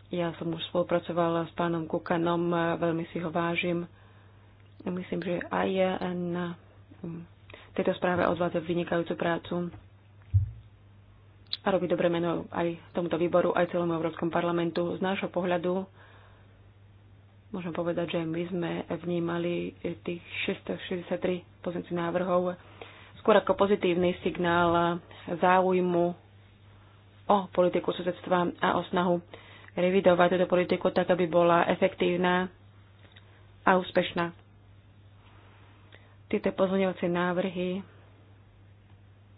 Ja som už spolupracovala s pánom Kukanom, veľmi si ho vážim. Myslím, že aj na mm, tejto správe odvádza vynikajúcu prácu a robí dobre meno aj tomuto výboru, aj celému Európskom parlamentu. Z nášho pohľadu môžem povedať, že my sme vnímali tých 663 pozícií návrhov skôr ako pozitívny signál záujmu o politiku susedstva a o snahu revidovať túto politiku tak, aby bola efektívna a úspešná. Tieto pozmeňovacie návrhy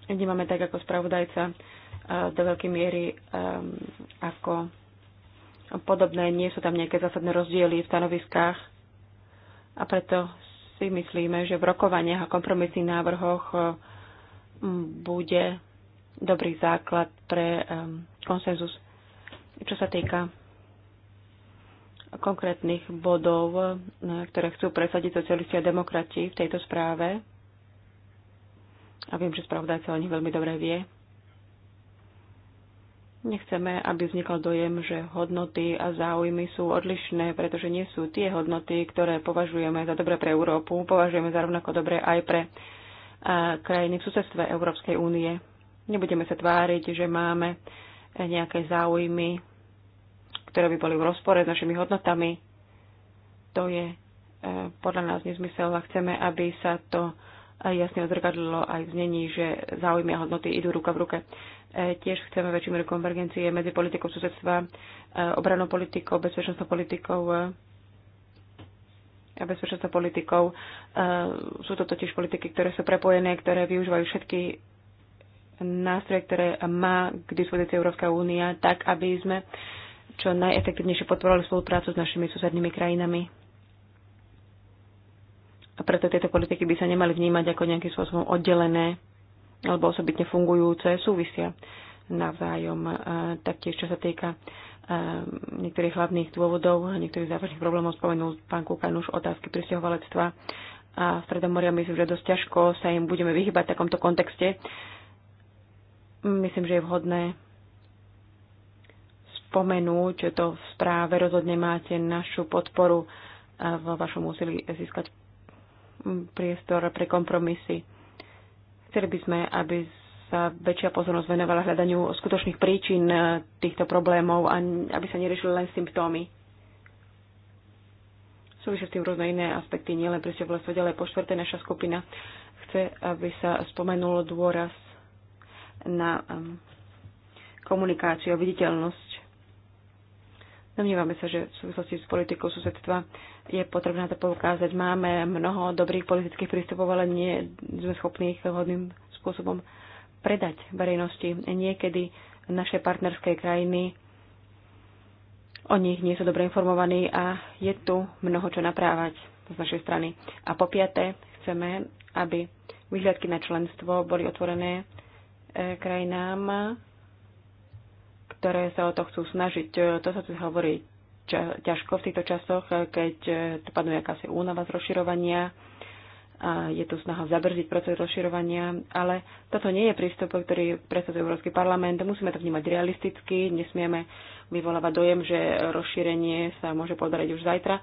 vnímame tak ako spravodajca Eh, do veľkej miery eh, ako podobné. Nie sú tam nejaké zásadné rozdiely v stanoviskách a preto si myslíme, že v rokovaniach a kompromisných návrhoch eh, bude dobrý základ pre konsenzus. Čo sa týka konkrétnych bodov, ktoré chcú presadiť socialisti a demokrati v tejto správe, a viem, že spravodajca o nich veľmi dobre vie, Nechceme, aby vznikol dojem, že hodnoty a záujmy sú odlišné, pretože nie sú tie hodnoty, ktoré považujeme za dobre pre Európu, považujeme za rovnako dobre aj pre krajiny v susedstve Európskej únie. Nebudeme sa tváriť, že máme nejaké záujmy, ktoré by boli v rozpore s našimi hodnotami. To je e, podľa nás nezmysel a chceme, aby sa to e, jasne odzrkadlilo aj v znení, že záujmy a hodnoty idú ruka v ruke. E, tiež chceme väčšiu mieru konvergencie medzi politikou susedstva, e, obranou politikou, bezpečnostnou politikou e, a bezpečnostnou politikou. Sú to totiž politiky, ktoré sú prepojené, ktoré využívajú všetky nástroje, ktoré má k dispozícii Európska únia, tak aby sme čo najefektívnejšie podporovali spoluprácu s našimi susednými krajinami. A preto tieto politiky by sa nemali vnímať ako nejakým spôsobom oddelené alebo osobitne fungujúce súvisia navzájom. E, taktiež, čo sa týka e, niektorých hlavných dôvodov, niektorých závažných problémov, spomenul pán Kúkan už otázky pristahovalectva a v Stredomoria, myslím, že dosť ťažko sa im budeme vyhybať v takomto kontexte. Myslím, že je vhodné spomenúť, že to v správe rozhodne máte našu podporu e, v vašom úsilí získať priestor pre kompromisy Chceli by sme, aby sa väčšia pozornosť venovala hľadaniu skutočných príčin eh, týchto problémov a aby sa neriešili len symptómy. Súvisia s tým rôzne iné aspekty, nielen presťahovalstvo ale Po štvrté, naša skupina chce, aby sa spomenulo dôraz na eh, komunikáciu a viditeľnosť Domnívame sa, že v súvislosti s politikou susedstva je potrebné na to poukázať. Máme mnoho dobrých politických prístupov, ale nie sme schopní ich hodným spôsobom predať verejnosti. Niekedy naše partnerské krajiny o nich nie sú dobre informovaní a je tu mnoho čo naprávať z našej strany. A po piaté, chceme, aby výhľadky na členstvo boli otvorené eh, krajinám, ktoré sa o to chcú snažiť. E, to sa tu hovorí ťažko v týchto časoch, e, keď e, tu padnú jakási únava z rozširovania a je tu snaha zabrziť proces rozširovania, ale toto nie je prístup, ktorý predstavuje Európsky parlament. Musíme to vnímať realisticky, nesmieme vyvolávať dojem, že rozšírenie sa môže podariť už zajtra,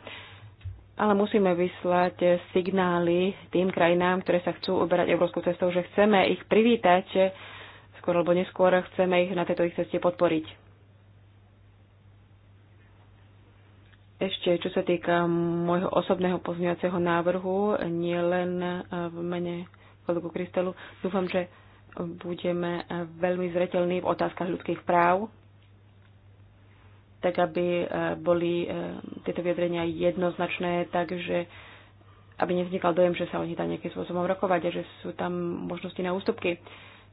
ale musíme vyslať signály tým krajinám, ktoré sa chcú uberať európskou cestou, že chceme ich privítať skôr alebo neskôr chceme ich na tejto ich ceste podporiť. Ešte, čo sa týka môjho osobného pozmeňovacieho návrhu, nie len v mene kolegu Kristelu, dúfam, že budeme veľmi zretelní v otázkach ľudských práv, tak aby eh, boli eh, tieto vyjadrenia jednoznačné, takže aby nevznikal dojem, že sa oni tam nejakým spôsobom rokovať a že sú tam možnosti na ústupky.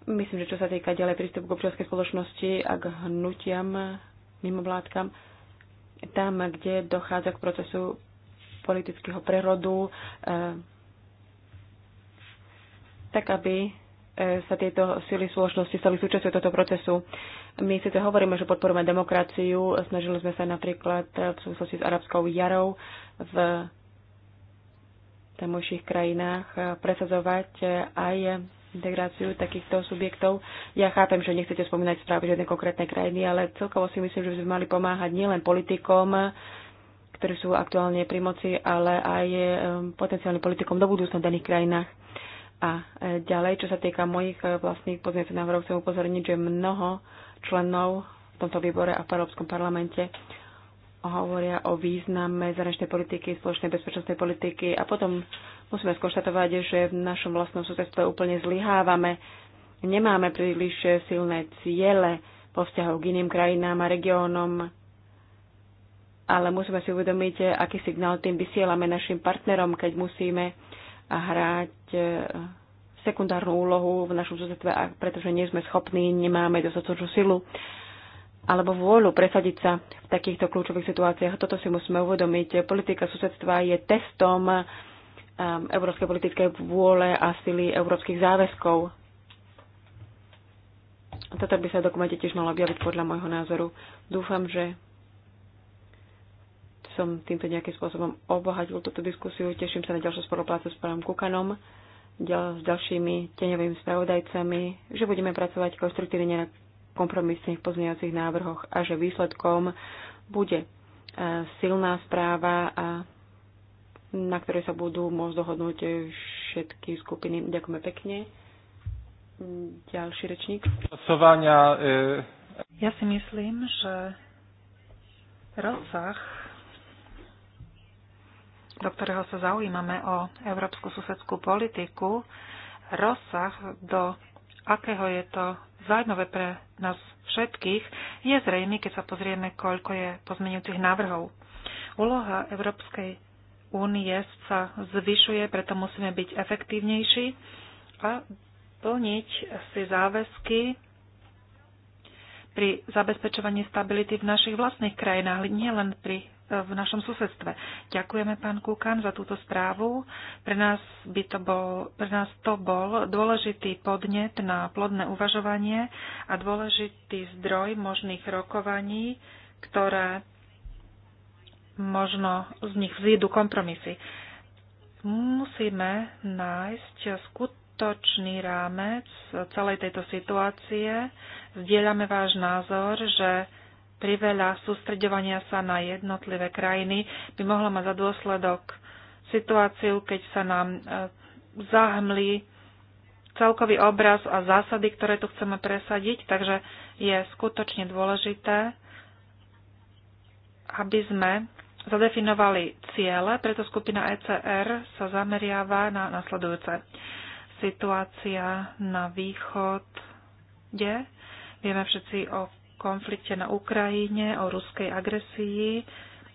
Myslím, že čo sa týka ďalej prístupu k občianskej spoločnosti a k hnutiam mimovládkam, tam, kde dochádza k procesu politického prerodu, eh, tak aby eh, sa tieto sily spoločnosti stali súčasťou tohto procesu. My síce hovoríme, že podporujeme demokraciu, snažili sme sa napríklad eh, v súvislosti s arabskou jarou v tamojších krajinách presazovať aj integráciu takýchto subjektov. Ja chápem, že nechcete spomínať správy žiadnej konkrétnej krajiny, ale celkovo si myslím, že by sme mali pomáhať nielen politikom, ktorí sú aktuálne pri moci, ale aj eh, potenciálnym politikom do budúcna v daných krajinách. A eh, ďalej, čo sa týka mojich eh, vlastných pozmeňujúcich návrhov, chcem upozorniť, že mnoho členov v tomto výbore a v Európskom parlamente hovoria o význame zahraničnej politiky, spoločnej bezpečnostnej politiky a potom musíme skonštatovať, že v našom vlastnom susedstve úplne zlyhávame. Nemáme príliš silné ciele vo vzťahu k iným krajinám a regiónom, ale musíme si uvedomiť, aký signál tým vysielame našim partnerom, keď musíme hrať eh, sekundárnu úlohu v našom susedstve, pretože nie sme schopní, nemáme dostatočnú silu alebo vôľu presadiť sa v takýchto kľúčových situáciách. Toto si musíme uvedomiť. Politika susedstva je testom Um, európskej politickej vôle a sily európskych záväzkov. Toto by sa v dokumente tiež malo objaviť podľa môjho názoru. Dúfam, že som týmto nejakým spôsobom obohatil túto diskusiu. Teším sa na ďalšiu spoluprácu s pánom Kukanom, ďal, s ďalšími teňovými spravodajcami, že budeme pracovať konstruktívne na kompromisných pozmeňovacích návrhoch a že výsledkom bude uh, silná správa a na ktorej sa budú môcť dohodnúť všetky skupiny. Ďakujeme pekne. Ďalší rečník. Hlasovania. E, ja si myslím, že rozsah, do ktorého sa zaujímame o európsku susedskú politiku, rozsah, do akého je to zaujímavé pre nás všetkých, je zrejmy, keď sa pozrieme, koľko je pozmenujúcich návrhov. Úloha Európskej únie sa zvyšuje, preto musíme byť efektívnejší a plniť si záväzky pri zabezpečovaní stability v našich vlastných krajinách, nie len pri v našom susedstve. Ďakujeme, pán Kukan, za túto správu. Pre nás, by to bol, pre nás to bol dôležitý podnet na plodné uvažovanie a dôležitý zdroj možných rokovaní, ktoré možno z nich vzídu kompromisy. Musíme nájsť skutočný rámec celej tejto situácie. Zdieľame váš názor, že priveľa sústreďovania sa na jednotlivé krajiny by mohlo mať za dôsledok situáciu, keď sa nám e, zahmlí celkový obraz a zásady, ktoré tu chceme presadiť, takže je skutočne dôležité, aby sme zadefinovali ciele, preto skupina ECR sa zameriava na nasledujúce. Situácia na východ, kde vieme všetci o konflikte na Ukrajine, o ruskej agresii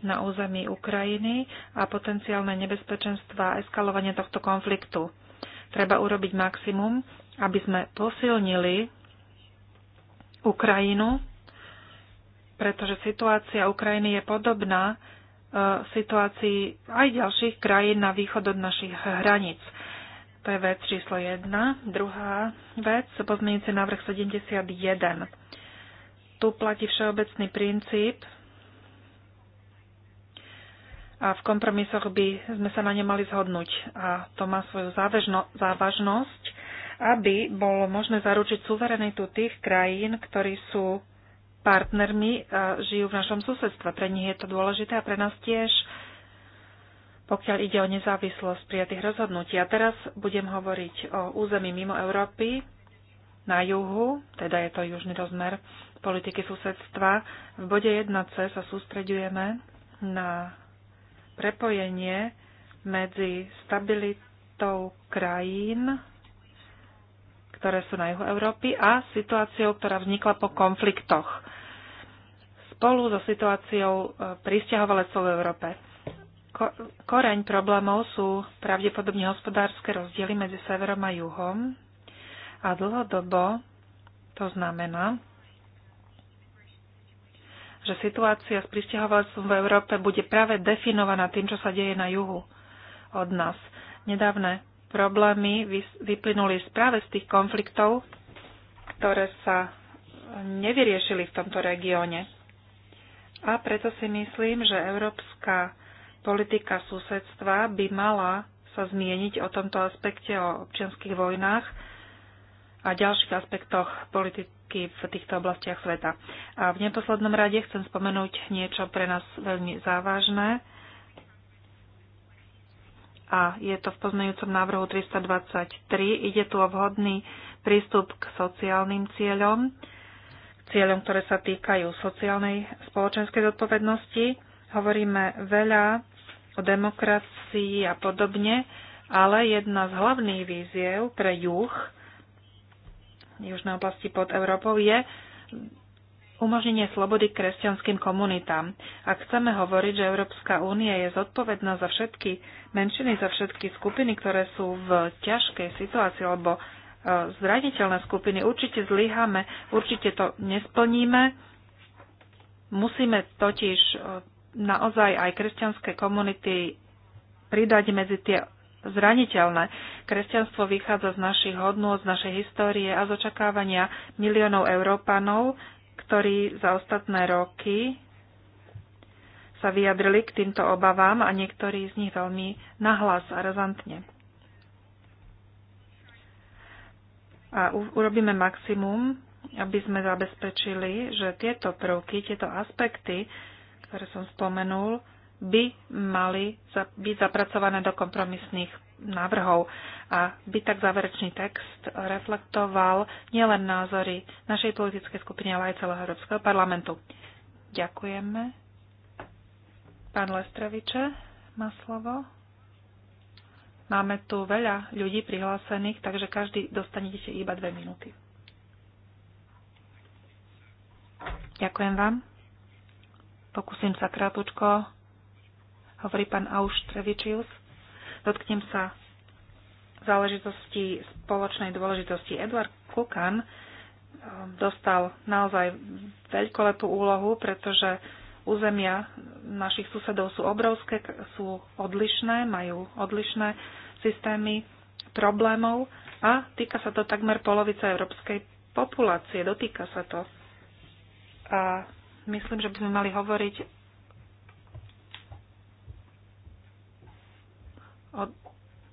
na území Ukrajiny a potenciálne nebezpečenstva a eskalovanie tohto konfliktu. Treba urobiť maximum, aby sme posilnili Ukrajinu, pretože situácia Ukrajiny je podobná situácií aj ďalších krajín na východ od našich hraníc. To je vec číslo 1. Druhá vec, pozmeňujúci návrh 71. Tu platí všeobecný princíp a v kompromisoch by sme sa na ne mali zhodnúť. A to má svoju závežno, závažnosť, aby bolo možné zaručiť suverenitu tých krajín, ktorí sú partnermi e, žijú v našom susedstve. Pre nich je to dôležité a pre nás tiež, pokiaľ ide o nezávislosť prijatých rozhodnutí. A teraz budem hovoriť o území mimo Európy, na juhu, teda je to južný rozmer politiky susedstva. V bode 1c sa sústreďujeme na prepojenie medzi stabilitou krajín ktoré sú na juhu Európy a situáciou, ktorá vznikla po konfliktoch spolu so situáciou e, pristahovalecov v Európe. Ko- koreň problémov sú pravdepodobne hospodárske rozdiely medzi severom a juhom a dlhodobo to znamená, že situácia s pristahovalcom v Európe bude práve definovaná tým, čo sa deje na juhu od nás. Nedávne problémy vyplynuli práve z tých konfliktov, ktoré sa e, nevyriešili v tomto regióne. A preto si myslím, že európska politika susedstva by mala sa zmieniť o tomto aspekte, o občianských vojnách a ďalších aspektoch politiky v týchto oblastiach sveta. A v neposlednom rade chcem spomenúť niečo pre nás veľmi závažné, a je to v pozmeňujúcom návrhu 323. Ide tu o vhodný prístup k sociálnym cieľom, cieľom, ktoré sa týkajú sociálnej spoločenskej zodpovednosti. Hovoríme veľa o demokracii a podobne, ale jedna z hlavných víziev pre juh, južné oblasti pod Európou, je umožnenie slobody kresťanským komunitám. Ak chceme hovoriť, že Európska únia je zodpovedná za všetky menšiny, za všetky skupiny, ktoré sú v ťažkej situácii alebo e, zraniteľné skupiny, určite zlyhame, určite to nesplníme. Musíme totiž e, naozaj aj kresťanské komunity pridať medzi tie zraniteľné. Kresťanstvo vychádza z našich hodnôt, z našej histórie a z očakávania miliónov Európanov ktorí za ostatné roky sa vyjadrili k týmto obavám a niektorí z nich veľmi nahlas a razantne. A urobíme maximum, aby sme zabezpečili, že tieto prvky, tieto aspekty, ktoré som spomenul, by mali byť zapracované do kompromisných návrhov a by tak záverečný text reflektoval nielen názory našej politickej skupiny, ale aj celého Európskeho parlamentu. Ďakujeme. Pán Lestraviče má slovo. Máme tu veľa ľudí prihlásených, takže každý dostanete iba dve minúty. Ďakujem vám. Pokúsim sa krátko, hovorí pán Auštrevičius. Dotknem sa záležitosti spoločnej dôležitosti. Edward Kukan um, dostal naozaj veľkolepú úlohu, pretože územia našich susedov sú obrovské, sú odlišné, majú odlišné systémy problémov a týka sa to takmer polovice európskej populácie, dotýka sa to. A myslím, že by sme mali hovoriť o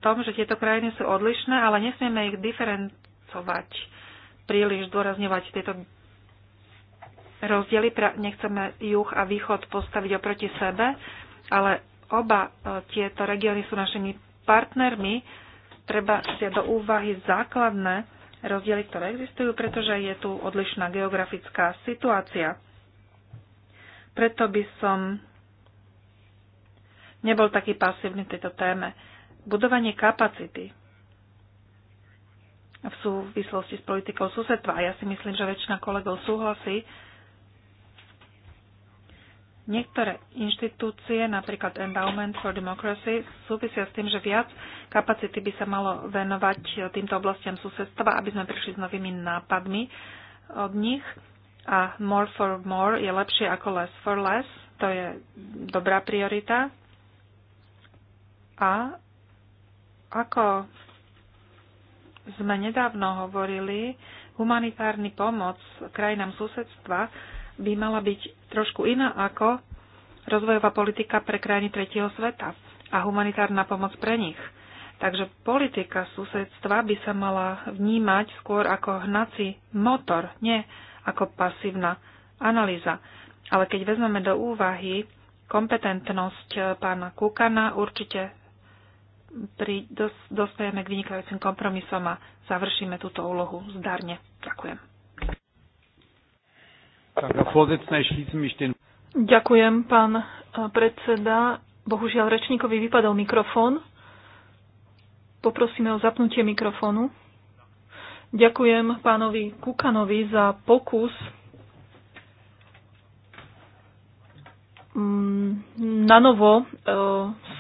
tom, že tieto krajiny sú odlišné, ale nesmieme ich diferencovať, príliš zdôrazňovať tieto rozdiely. Nechceme juh a východ postaviť oproti sebe, ale oba e, tieto regióny sú našimi partnermi. Treba si do úvahy základné rozdiely, ktoré existujú, pretože je tu odlišná geografická situácia. Preto by som nebol taký pasívny v tejto téme budovanie kapacity v súvislosti s politikou susedstva. A ja si myslím, že väčšina kolegov súhlasí. Niektoré inštitúcie, napríklad Endowment for Democracy, súvisia s tým, že viac kapacity by sa malo venovať týmto oblastiam susedstva, aby sme prišli s novými nápadmi od nich. A more for more je lepšie ako less for less. To je dobrá priorita. A ako sme nedávno hovorili, humanitárny pomoc krajinám susedstva by mala byť trošku iná ako rozvojová politika pre krajiny tretieho sveta a humanitárna pomoc pre nich. Takže politika susedstva by sa mala vnímať skôr ako hnací motor, nie ako pasívna analýza. Ale keď vezmeme do úvahy kompetentnosť pána Kukana, určite pri, dos, dospejeme k vynikajúcim kompromisom a završíme túto úlohu zdarne. Ďakujem. Ďakujem, pán eh, predseda. Bohužiaľ, rečníkovi vypadol mikrofón. Poprosíme o zapnutie mikrofónu. Ďakujem pánovi Kukanovi za pokus Mm, na novo e,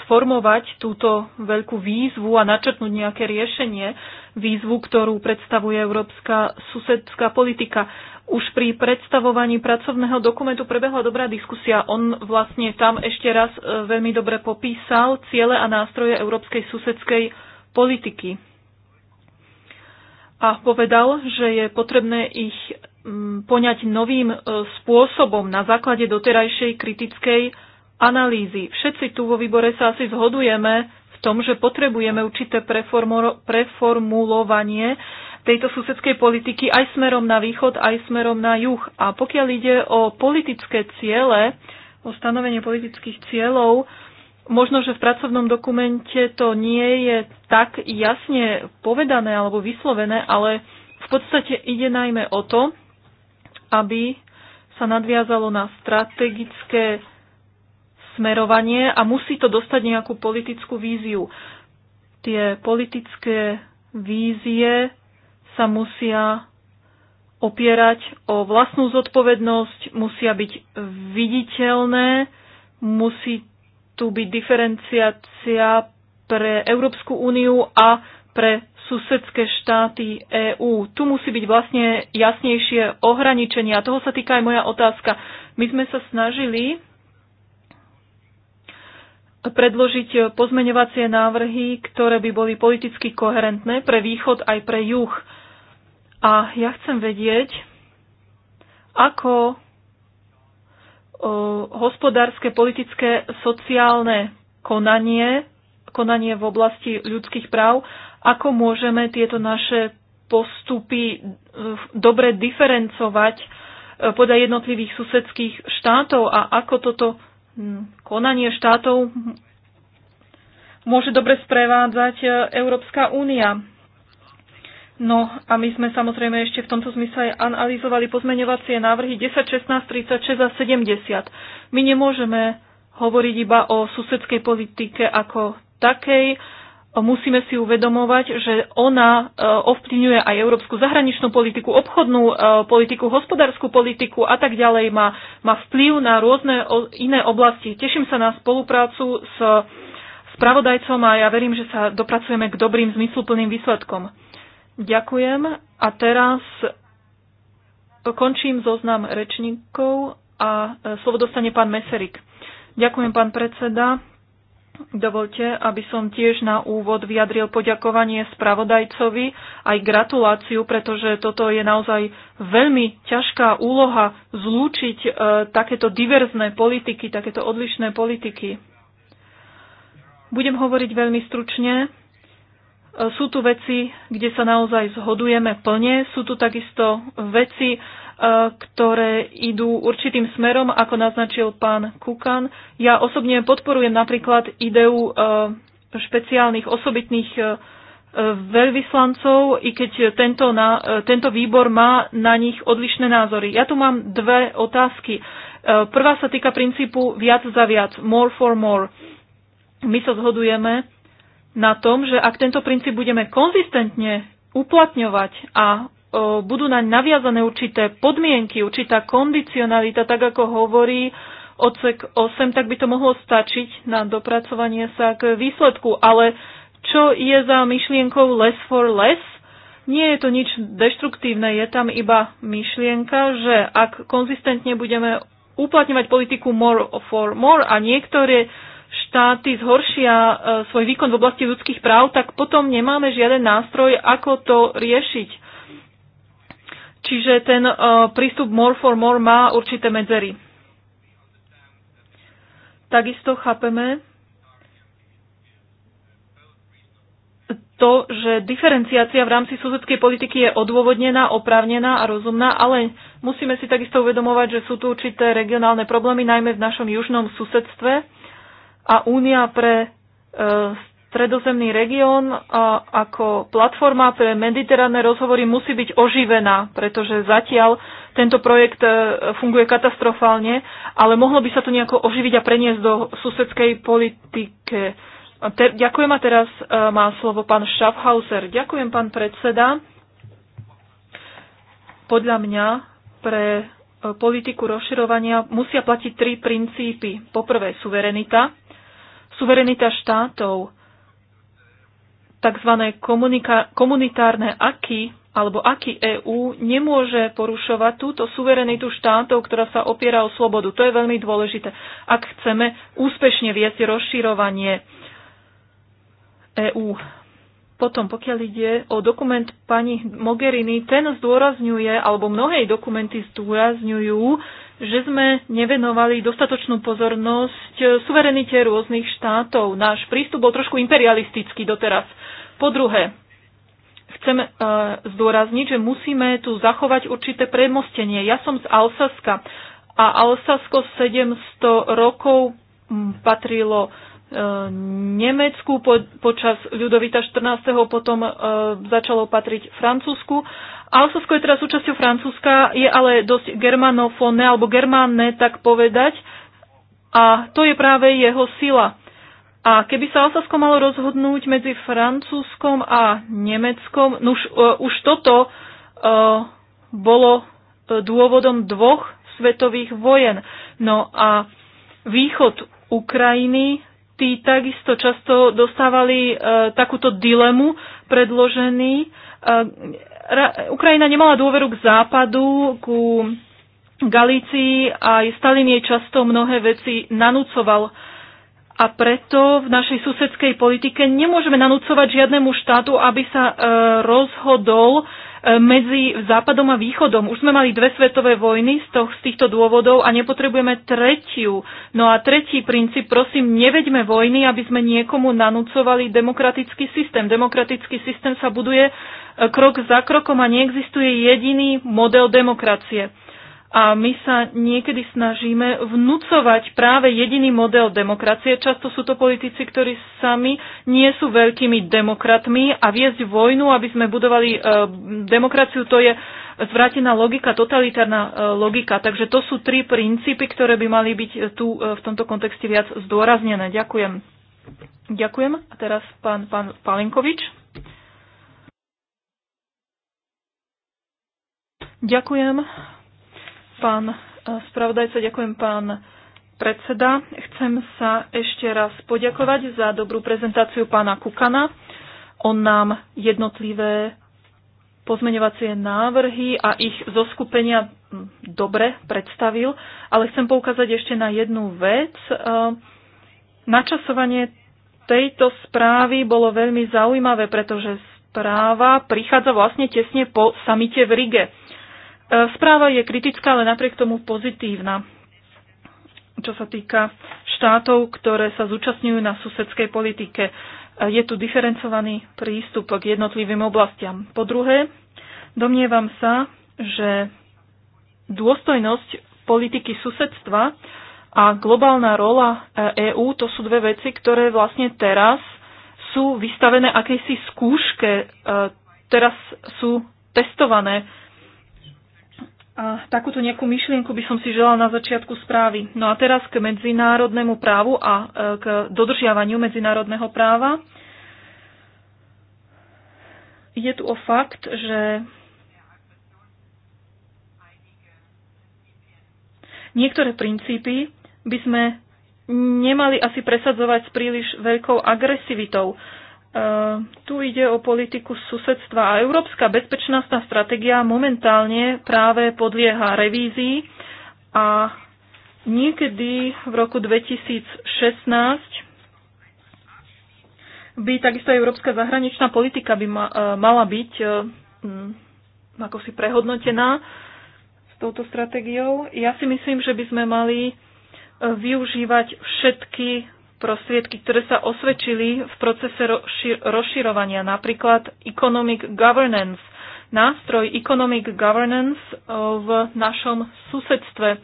sformovať túto veľkú výzvu a načrtnúť nejaké riešenie, výzvu, ktorú predstavuje európska susedská politika. Už pri predstavovaní pracovného dokumentu prebehla dobrá diskusia. On vlastne tam ešte raz e, veľmi dobre popísal ciele a nástroje európskej susedskej politiky. A povedal, že je potrebné ich Mm, poňať novým e, spôsobom na základe doterajšej kritickej analýzy. Všetci tu vo výbore sa asi zhodujeme v tom, že potrebujeme určité preformulovanie tejto susedskej politiky aj smerom na východ, aj smerom na juh. A pokiaľ ide o politické ciele, o stanovenie politických cieľov, možno, že v pracovnom dokumente to nie je tak jasne povedané alebo vyslovené, ale v podstate ide najmä o to, aby sa nadviazalo na strategické smerovanie a musí to dostať nejakú politickú víziu. Tie politické vízie sa musia opierať o vlastnú zodpovednosť, musia byť viditeľné, musí tu byť diferenciácia pre Európsku úniu a pre susedské štáty EÚ. Tu musí byť vlastne jasnejšie ohraničenie. A toho sa týka aj moja otázka. My sme sa snažili predložiť pozmeňovacie návrhy, ktoré by boli politicky koherentné pre východ aj pre juh. A ja chcem vedieť, ako hospodárske, politické, sociálne konanie, konanie v oblasti ľudských práv ako môžeme tieto naše postupy e, dobre diferencovať e, podľa jednotlivých susedských štátov a ako toto konanie štátov môže dobre sprevádzať e, Európska únia. No a my sme samozrejme ešte v tomto zmysle analyzovali pozmeňovacie návrhy 10, 16, 36 a 70. My nemôžeme hovoriť iba o susedskej politike ako takej, musíme si uvedomovať, že ona e, ovplyvňuje aj európsku zahraničnú politiku, obchodnú e, politiku, hospodárskú politiku a tak ďalej. Má, má vplyv na rôzne iné oblasti. Teším sa na spoluprácu s spravodajcom a ja verím, že sa dopracujeme k dobrým zmysluplným výsledkom. Ďakujem a teraz končím zoznam rečníkov a e, slovo dostane pán Meserik. Ďakujem, pán predseda. Dovolte, aby som tiež na úvod vyjadril poďakovanie spravodajcovi aj gratuláciu, pretože toto je naozaj veľmi ťažká úloha zlúčiť e, takéto diverzné politiky, takéto odlišné politiky. Budem hovoriť veľmi stručne. E, sú tu veci, kde sa naozaj zhodujeme plne. Sú tu takisto veci, E, ktoré idú určitým smerom, ako naznačil pán Kukan. Ja osobne podporujem napríklad ideu e, špeciálnych osobitných e, veľvyslancov, i keď tento, na, tento výbor má na nich odlišné názory. Ja tu mám dve otázky. Prvá sa týka princípu viac za viac, more for more. My sa zhodujeme na tom, že ak tento princíp budeme konzistentne uplatňovať a E, budú naň naviazané určité podmienky, určitá kondicionalita, tak ako hovorí odsek 8, tak by to mohlo stačiť na dopracovanie sa k výsledku. Ale čo je za myšlienkou less for less? Nie je to nič deštruktívne, je tam iba myšlienka, že ak konzistentne budeme uplatňovať politiku more for more a niektoré štáty zhoršia e, svoj výkon v oblasti ľudských práv, tak potom nemáme žiaden nástroj, ako to riešiť Čiže ten eh, prístup more for more má určité medzery. Takisto chápeme to, že diferenciácia v rámci susedskej politiky je odôvodnená, oprávnená a rozumná, ale musíme si takisto uvedomovať, že sú tu určité regionálne problémy, najmä v našom južnom susedstve a Únia pre eh, stredozemný región ako platforma pre mediteránne rozhovory musí byť oživená, pretože zatiaľ tento projekt e, funguje katastrofálne, ale mohlo by sa to nejako oživiť a preniesť do susedskej politike. Te, ďakujem a teraz e, má slovo pán Schaffhauser. Ďakujem, pán predseda. Podľa mňa pre e, politiku rozširovania musia platiť tri princípy. Poprvé, suverenita. Suverenita štátov tzv. komunitárne aky alebo aký EÚ nemôže porušovať túto suverenitu štátov, ktorá sa opiera o slobodu. To je veľmi dôležité, ak chceme úspešne viesť rozširovanie EÚ. Potom, pokiaľ ide o dokument pani Mogherini, ten zdôrazňuje, alebo mnohé dokumenty zdôrazňujú, že sme nevenovali dostatočnú pozornosť suverenite rôznych štátov. Náš prístup bol trošku imperialistický doteraz. Po druhé, chcem e, zdôrazniť, že musíme tu zachovať určité premostenie. Ja som z Alsaska a Alsasko 700 rokov patrilo Nemecku po, počas Ľudovita 14. potom e, začalo patriť Francúzsku. Alsasko je teraz súčasťou Francúzska, je ale dosť germanofónne alebo germánne, tak povedať. A to je práve jeho sila. A keby sa Alsasko malo rozhodnúť medzi Francúzskom a Nemeckom, no už, e, už toto e, bolo e, dôvodom dvoch svetových vojen. No a východ Ukrajiny tí takisto často dostávali e, takúto dilemu predložený. E, Ukrajina nemala dôveru k západu, ku Galícii a Stalin jej často mnohé veci nanúcoval. A preto v našej susedskej politike nemôžeme nanúcovať žiadnemu štátu, aby sa e, rozhodol E, medzi západom a východom. Už sme mali dve svetové vojny z, toho, z týchto dôvodov a nepotrebujeme tretiu. No a tretí princíp, prosím, neveďme vojny, aby sme niekomu nanúcovali demokratický systém. Demokratický systém sa buduje e, krok za krokom a neexistuje jediný model demokracie. A my sa niekedy snažíme vnúcovať práve jediný model demokracie. Často sú to politici, ktorí sami nie sú veľkými demokratmi a viesť vojnu, aby sme budovali e, demokraciu, to je zvrátená logika, totalitárna e, logika. Takže to sú tri princípy, ktoré by mali byť e, tu e, v tomto kontexte viac zdôraznené. Ďakujem. Ďakujem. A teraz pán, pán Palinkovič. Ďakujem pán eh, spravodajca, ďakujem pán predseda. Chcem sa ešte raz poďakovať za dobrú prezentáciu pána Kukana. On nám jednotlivé pozmeňovacie návrhy a ich zoskupenia hm, dobre predstavil, ale chcem poukázať ešte na jednu vec. Eh, načasovanie tejto správy bolo veľmi zaujímavé, pretože správa prichádza vlastne tesne po samite v Rige. E, správa je kritická, ale napriek tomu pozitívna, čo sa týka štátov, ktoré sa zúčastňujú na susedskej politike. E, je tu diferencovaný prístup k jednotlivým oblastiam. Po druhé, domnievam sa, že dôstojnosť politiky susedstva a globálna rola EÚ e to sú dve veci, ktoré vlastne teraz sú vystavené akejsi skúške, teraz sú testované a takúto nejakú myšlienku by som si želala na začiatku správy. No a teraz k medzinárodnému právu a e, k dodržiavaniu medzinárodného práva. Ide tu o fakt, že niektoré princípy by sme nemali asi presadzovať s príliš veľkou agresivitou. E, tu ide o politiku susedstva a Európska bezpečnostná stratégia momentálne práve podlieha revízii a niekedy v roku 2016 by takisto európska zahraničná politika by ma, e, mala byť e, ako si prehodnotená s touto stratégiou. Ja si myslím, že by sme mali využívať všetky prostriedky, ktoré sa osvedčili v procese rozširovania, napríklad Economic Governance, nástroj Economic Governance eh, v našom susedstve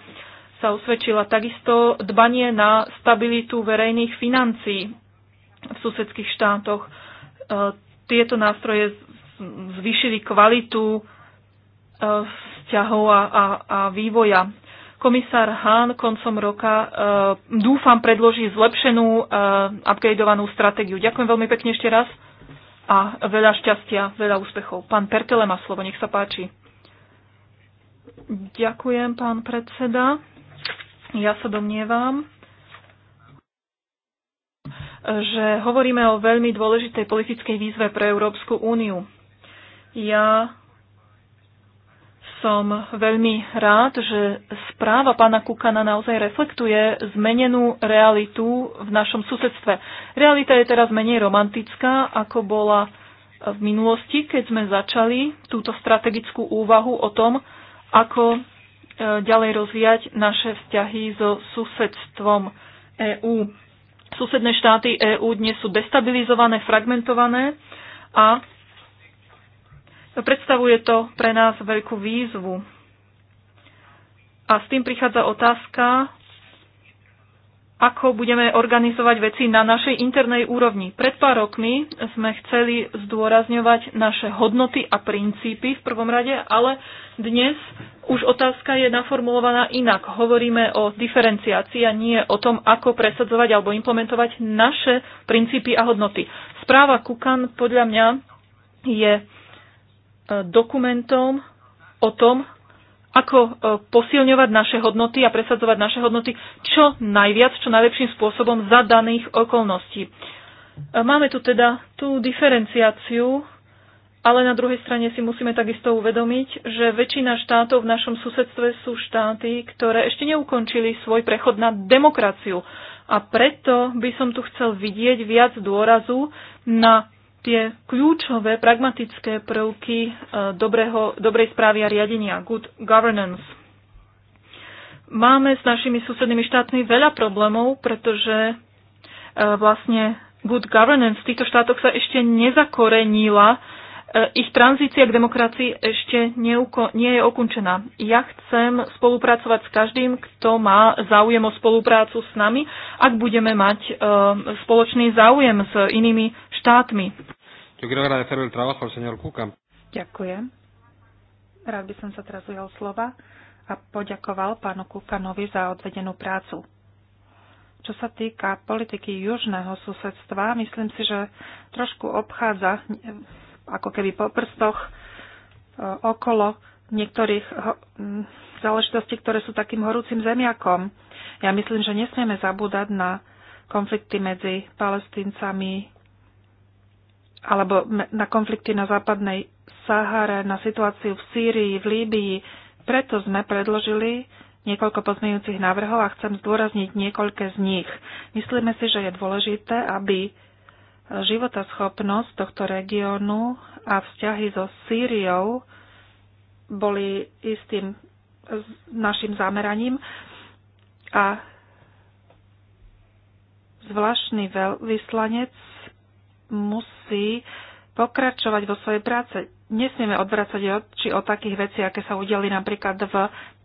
sa usvedčila takisto dbanie na stabilitu verejných financií v susedských štátoch. Eh, tieto nástroje zvýšili kvalitu eh, vzťahov a, a, a vývoja Komisár Hahn koncom roka e, dúfam predloží zlepšenú, e, upgradeovanú stratégiu. Ďakujem veľmi pekne ešte raz a veľa šťastia, veľa úspechov. Pán Pertele má slovo, nech sa páči. Ďakujem, pán predseda. Ja sa domnievam, že hovoríme o veľmi dôležitej politickej výzve pre Európsku úniu. Ja som veľmi rád, že správa pána Kukana naozaj reflektuje zmenenú realitu v našom susedstve. Realita je teraz menej romantická, ako bola v minulosti, keď sme začali túto strategickú úvahu o tom, ako e, ďalej rozvíjať naše vzťahy so susedstvom EÚ. Susedné štáty EÚ dnes sú destabilizované, fragmentované a Predstavuje to pre nás veľkú výzvu. A s tým prichádza otázka, ako budeme organizovať veci na našej internej úrovni. Pred pár rokmi sme chceli zdôrazňovať naše hodnoty a princípy v prvom rade, ale dnes už otázka je naformulovaná inak. Hovoríme o diferenciácii a nie o tom, ako presadzovať alebo implementovať naše princípy a hodnoty. Správa Kukan podľa mňa je dokumentom o tom, ako e, posilňovať naše hodnoty a presadzovať naše hodnoty čo najviac, čo najlepším spôsobom za daných okolností. E, máme tu teda tú diferenciáciu, ale na druhej strane si musíme takisto uvedomiť, že väčšina štátov v našom susedstve sú štáty, ktoré ešte neukončili svoj prechod na demokraciu. A preto by som tu chcel vidieť viac dôrazu na tie kľúčové pragmatické prvky e, dobrého, dobrej správy a riadenia, good governance. Máme s našimi susednými štátmi veľa problémov, pretože e, vlastne good governance v týchto štátoch sa ešte nezakorenila, e, ich tranzícia k demokracii ešte neuko- nie je ukončená. Ja chcem spolupracovať s každým, kto má záujem o spoluprácu s nami, ak budeme mať spoločný záujem s inými štátmi. Yo quiero agradecer el trabajo al señor Kukan. Ďakujem. Rád by som sa teraz ujal slova a poďakoval pánu Kukanovi za odvedenú prácu. Čo sa týka politiky južného susedstva, myslím si, že trošku obchádza eh, ako keby po prstoch eh, okolo niektorých mm, záležitostí, ktoré sú takým horúcim zemiakom. Ja myslím, že nesmieme zabúdať na konflikty medzi palestíncami, alebo na konflikty na západnej Sahare, na situáciu v Sýrii, v Líbii. Preto sme predložili niekoľko pozmejúcich návrhov a chcem zdôrazniť niekoľké z nich. Myslíme si, že je dôležité, aby schopnosť tohto regiónu a vzťahy so Sýriou boli istým našim zameraním a zvláštny vyslanec musí pokračovať vo svojej práce. Nesmieme odvracať oči o takých veci, aké sa udeli napríklad v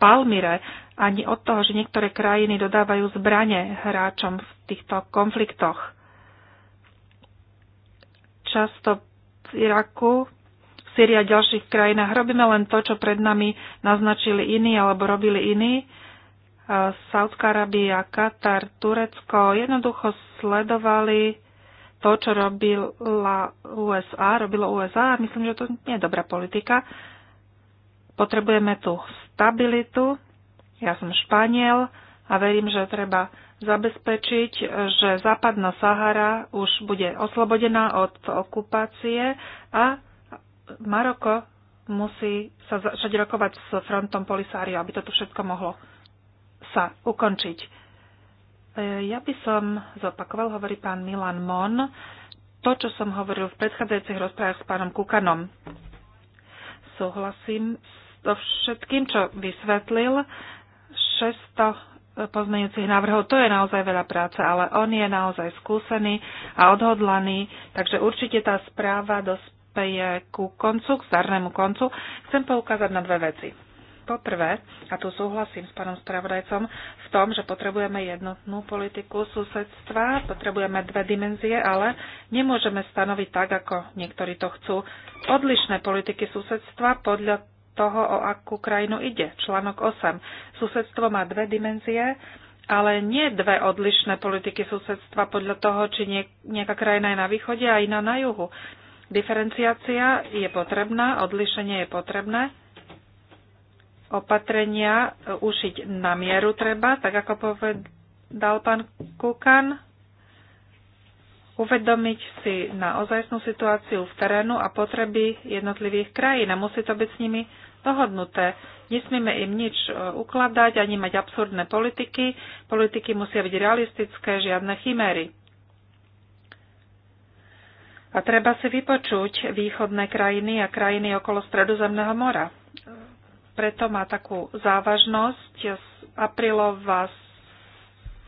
Palmyre, ani od toho, že niektoré krajiny dodávajú zbranie hráčom v týchto konfliktoch. Často v Iraku, v Syrii a ďalších krajinách robíme len to, čo pred nami naznačili iní alebo robili iní. Saudská Arábia, Katar, Turecko jednoducho sledovali to, čo robila USA, robilo USA a myslím, že to nie je dobrá politika. Potrebujeme tu stabilitu. Ja som Španiel a verím, že treba zabezpečiť, že západná Sahara už bude oslobodená od okupácie a Maroko musí sa začať rokovať s frontom Polisario, aby toto všetko mohlo sa ukončiť. E, ja by som zopakoval, hovorí pán Milan Mon, to, čo som hovoril v predchádzajúcich rozprávach s pánom Kukanom. Súhlasím so všetkým, čo vysvetlil. 600 e, pozmeňujúcich návrhov, to je naozaj veľa práce, ale on je naozaj skúsený a odhodlaný, takže určite tá správa dospeje ku koncu, k starnému koncu. Chcem poukázať na dve veci. Poprvé, a tu súhlasím s pánom spravodajcom, v tom, že potrebujeme jednotnú politiku susedstva, potrebujeme dve dimenzie, ale nemôžeme stanoviť tak, ako niektorí to chcú, odlišné politiky susedstva podľa toho, o akú krajinu ide. Článok 8. Susedstvo má dve dimenzie, ale nie dve odlišné politiky susedstva podľa toho, či nejaká krajina je na východe a iná na juhu. Diferenciácia je potrebná, odlišenie je potrebné opatrenia e, ušiť na mieru treba, tak ako povedal pán Kukan, uvedomiť si na ozajstnú situáciu v terénu a potreby jednotlivých krajín a musí to byť s nimi dohodnuté. Nesmieme im nič e, ukladať ani mať absurdné politiky. Politiky musia byť realistické, žiadne chiméry. A treba si vypočuť východné krajiny a krajiny okolo Stredozemného mora preto má takú závažnosť aprílová,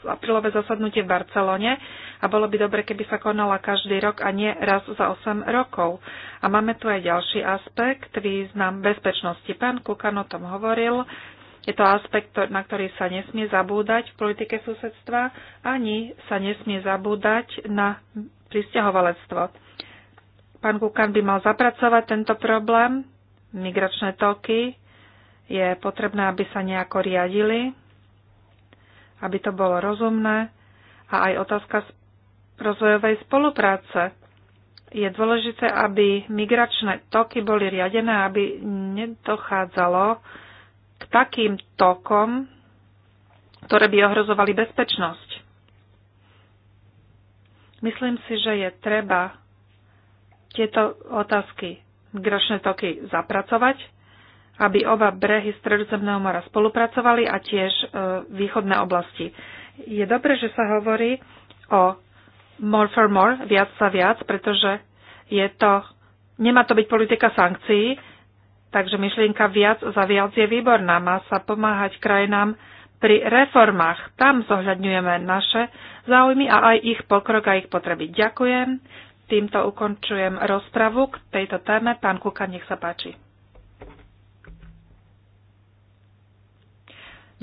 aprílové zasadnutie v Barcelone a bolo by dobre, keby sa konala každý rok a nie raz za 8 rokov. A máme tu aj ďalší aspekt, význam bezpečnosti. Pán Kukan o tom hovoril. Je to aspekt, na ktorý sa nesmie zabúdať v politike susedstva, ani sa nesmie zabúdať na pristahovalectvo. Pán Kukan by mal zapracovať tento problém, migračné toky, je potrebné, aby sa nejako riadili, aby to bolo rozumné a aj otázka rozvojovej spolupráce. Je dôležité, aby migračné toky boli riadené, aby nedochádzalo k takým tokom, ktoré by ohrozovali bezpečnosť. Myslím si, že je treba tieto otázky migračné toky zapracovať aby oba brehy Stredozemného mora spolupracovali a tiež e, východné oblasti. Je dobré, že sa hovorí o more for more, viac sa viac, pretože je to, nemá to byť politika sankcií, takže myšlienka viac za viac je výborná. Má sa pomáhať krajinám pri reformách. Tam zohľadňujeme naše záujmy a aj ich pokrok a ich potreby. Ďakujem. Týmto ukončujem rozpravu k tejto téme. Pán Kuka, nech sa páči.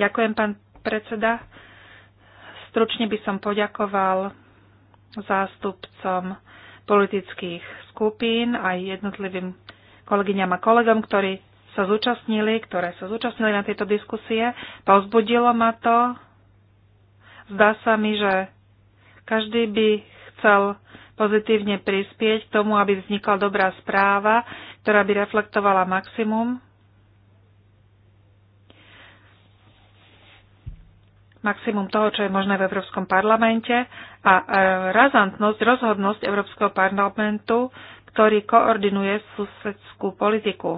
Ďakujem, pán predseda. Stručne by som poďakoval zástupcom politických skupín aj jednotlivým kolegyňam a kolegom, ktorí sa zúčastnili, ktoré sa zúčastnili na tejto diskusie. Pozbudilo ma to. Zdá sa mi, že každý by chcel pozitívne prispieť k tomu, aby vznikla dobrá správa, ktorá by reflektovala maximum maximum toho, čo je možné v Európskom parlamente a e, razantnosť, rozhodnosť Európskeho parlamentu, ktorý koordinuje susedskú politiku.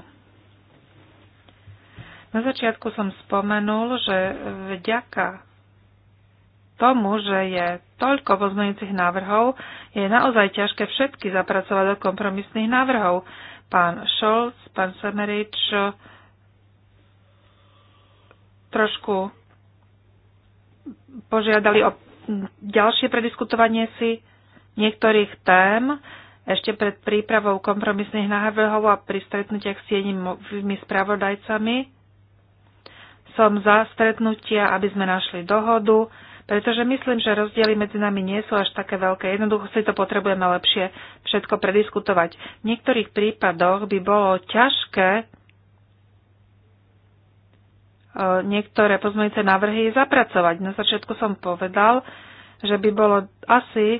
Na začiatku som spomenul, že vďaka tomu, že je toľko pozmeňujúcich návrhov, je naozaj ťažké všetky zapracovať do kompromisných návrhov. Pán Scholz, pán Semerič trošku požiadali o ďalšie prediskutovanie si niektorých tém ešte pred prípravou kompromisných návrhov a pri stretnutiach s jednými spravodajcami. Som za stretnutia, aby sme našli dohodu, pretože myslím, že rozdiely medzi nami nie sú až také veľké. Jednoducho si to potrebujeme lepšie všetko prediskutovať. V niektorých prípadoch by bolo ťažké niektoré pozmeňujúce návrhy zapracovať. Na začiatku som povedal, že by bolo asi e,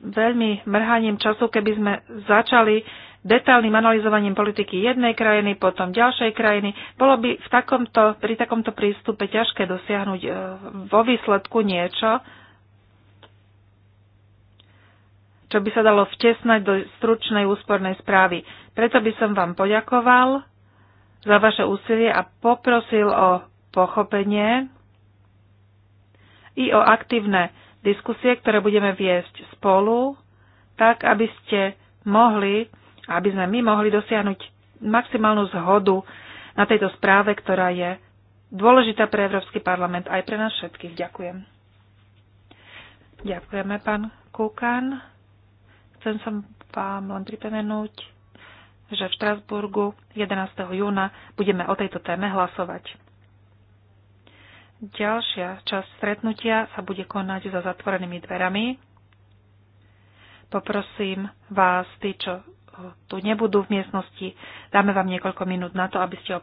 veľmi mrhaním času, keby sme začali detailným analyzovaním politiky jednej krajiny, potom ďalšej krajiny. Bolo by v takomto, pri takomto prístupe ťažké dosiahnuť e, vo výsledku niečo, čo by sa dalo vtesnať do stručnej úspornej správy. Preto by som vám poďakoval za vaše úsilie a poprosil o pochopenie i o aktívne diskusie, ktoré budeme viesť spolu, tak aby ste mohli, aby sme my mohli dosiahnuť maximálnu zhodu na tejto správe, ktorá je dôležitá pre Európsky parlament aj pre nás všetkých. Ďakujem. Ďakujeme, pán Kukan. Chcem som vám len pripomenúť, že v Štrasburgu 11. júna budeme o tejto téme hlasovať. Ďalšia časť stretnutia sa bude konať za zatvorenými dverami. Poprosím vás, tí, čo tu nebudú v miestnosti, dáme vám niekoľko minút na to, aby ste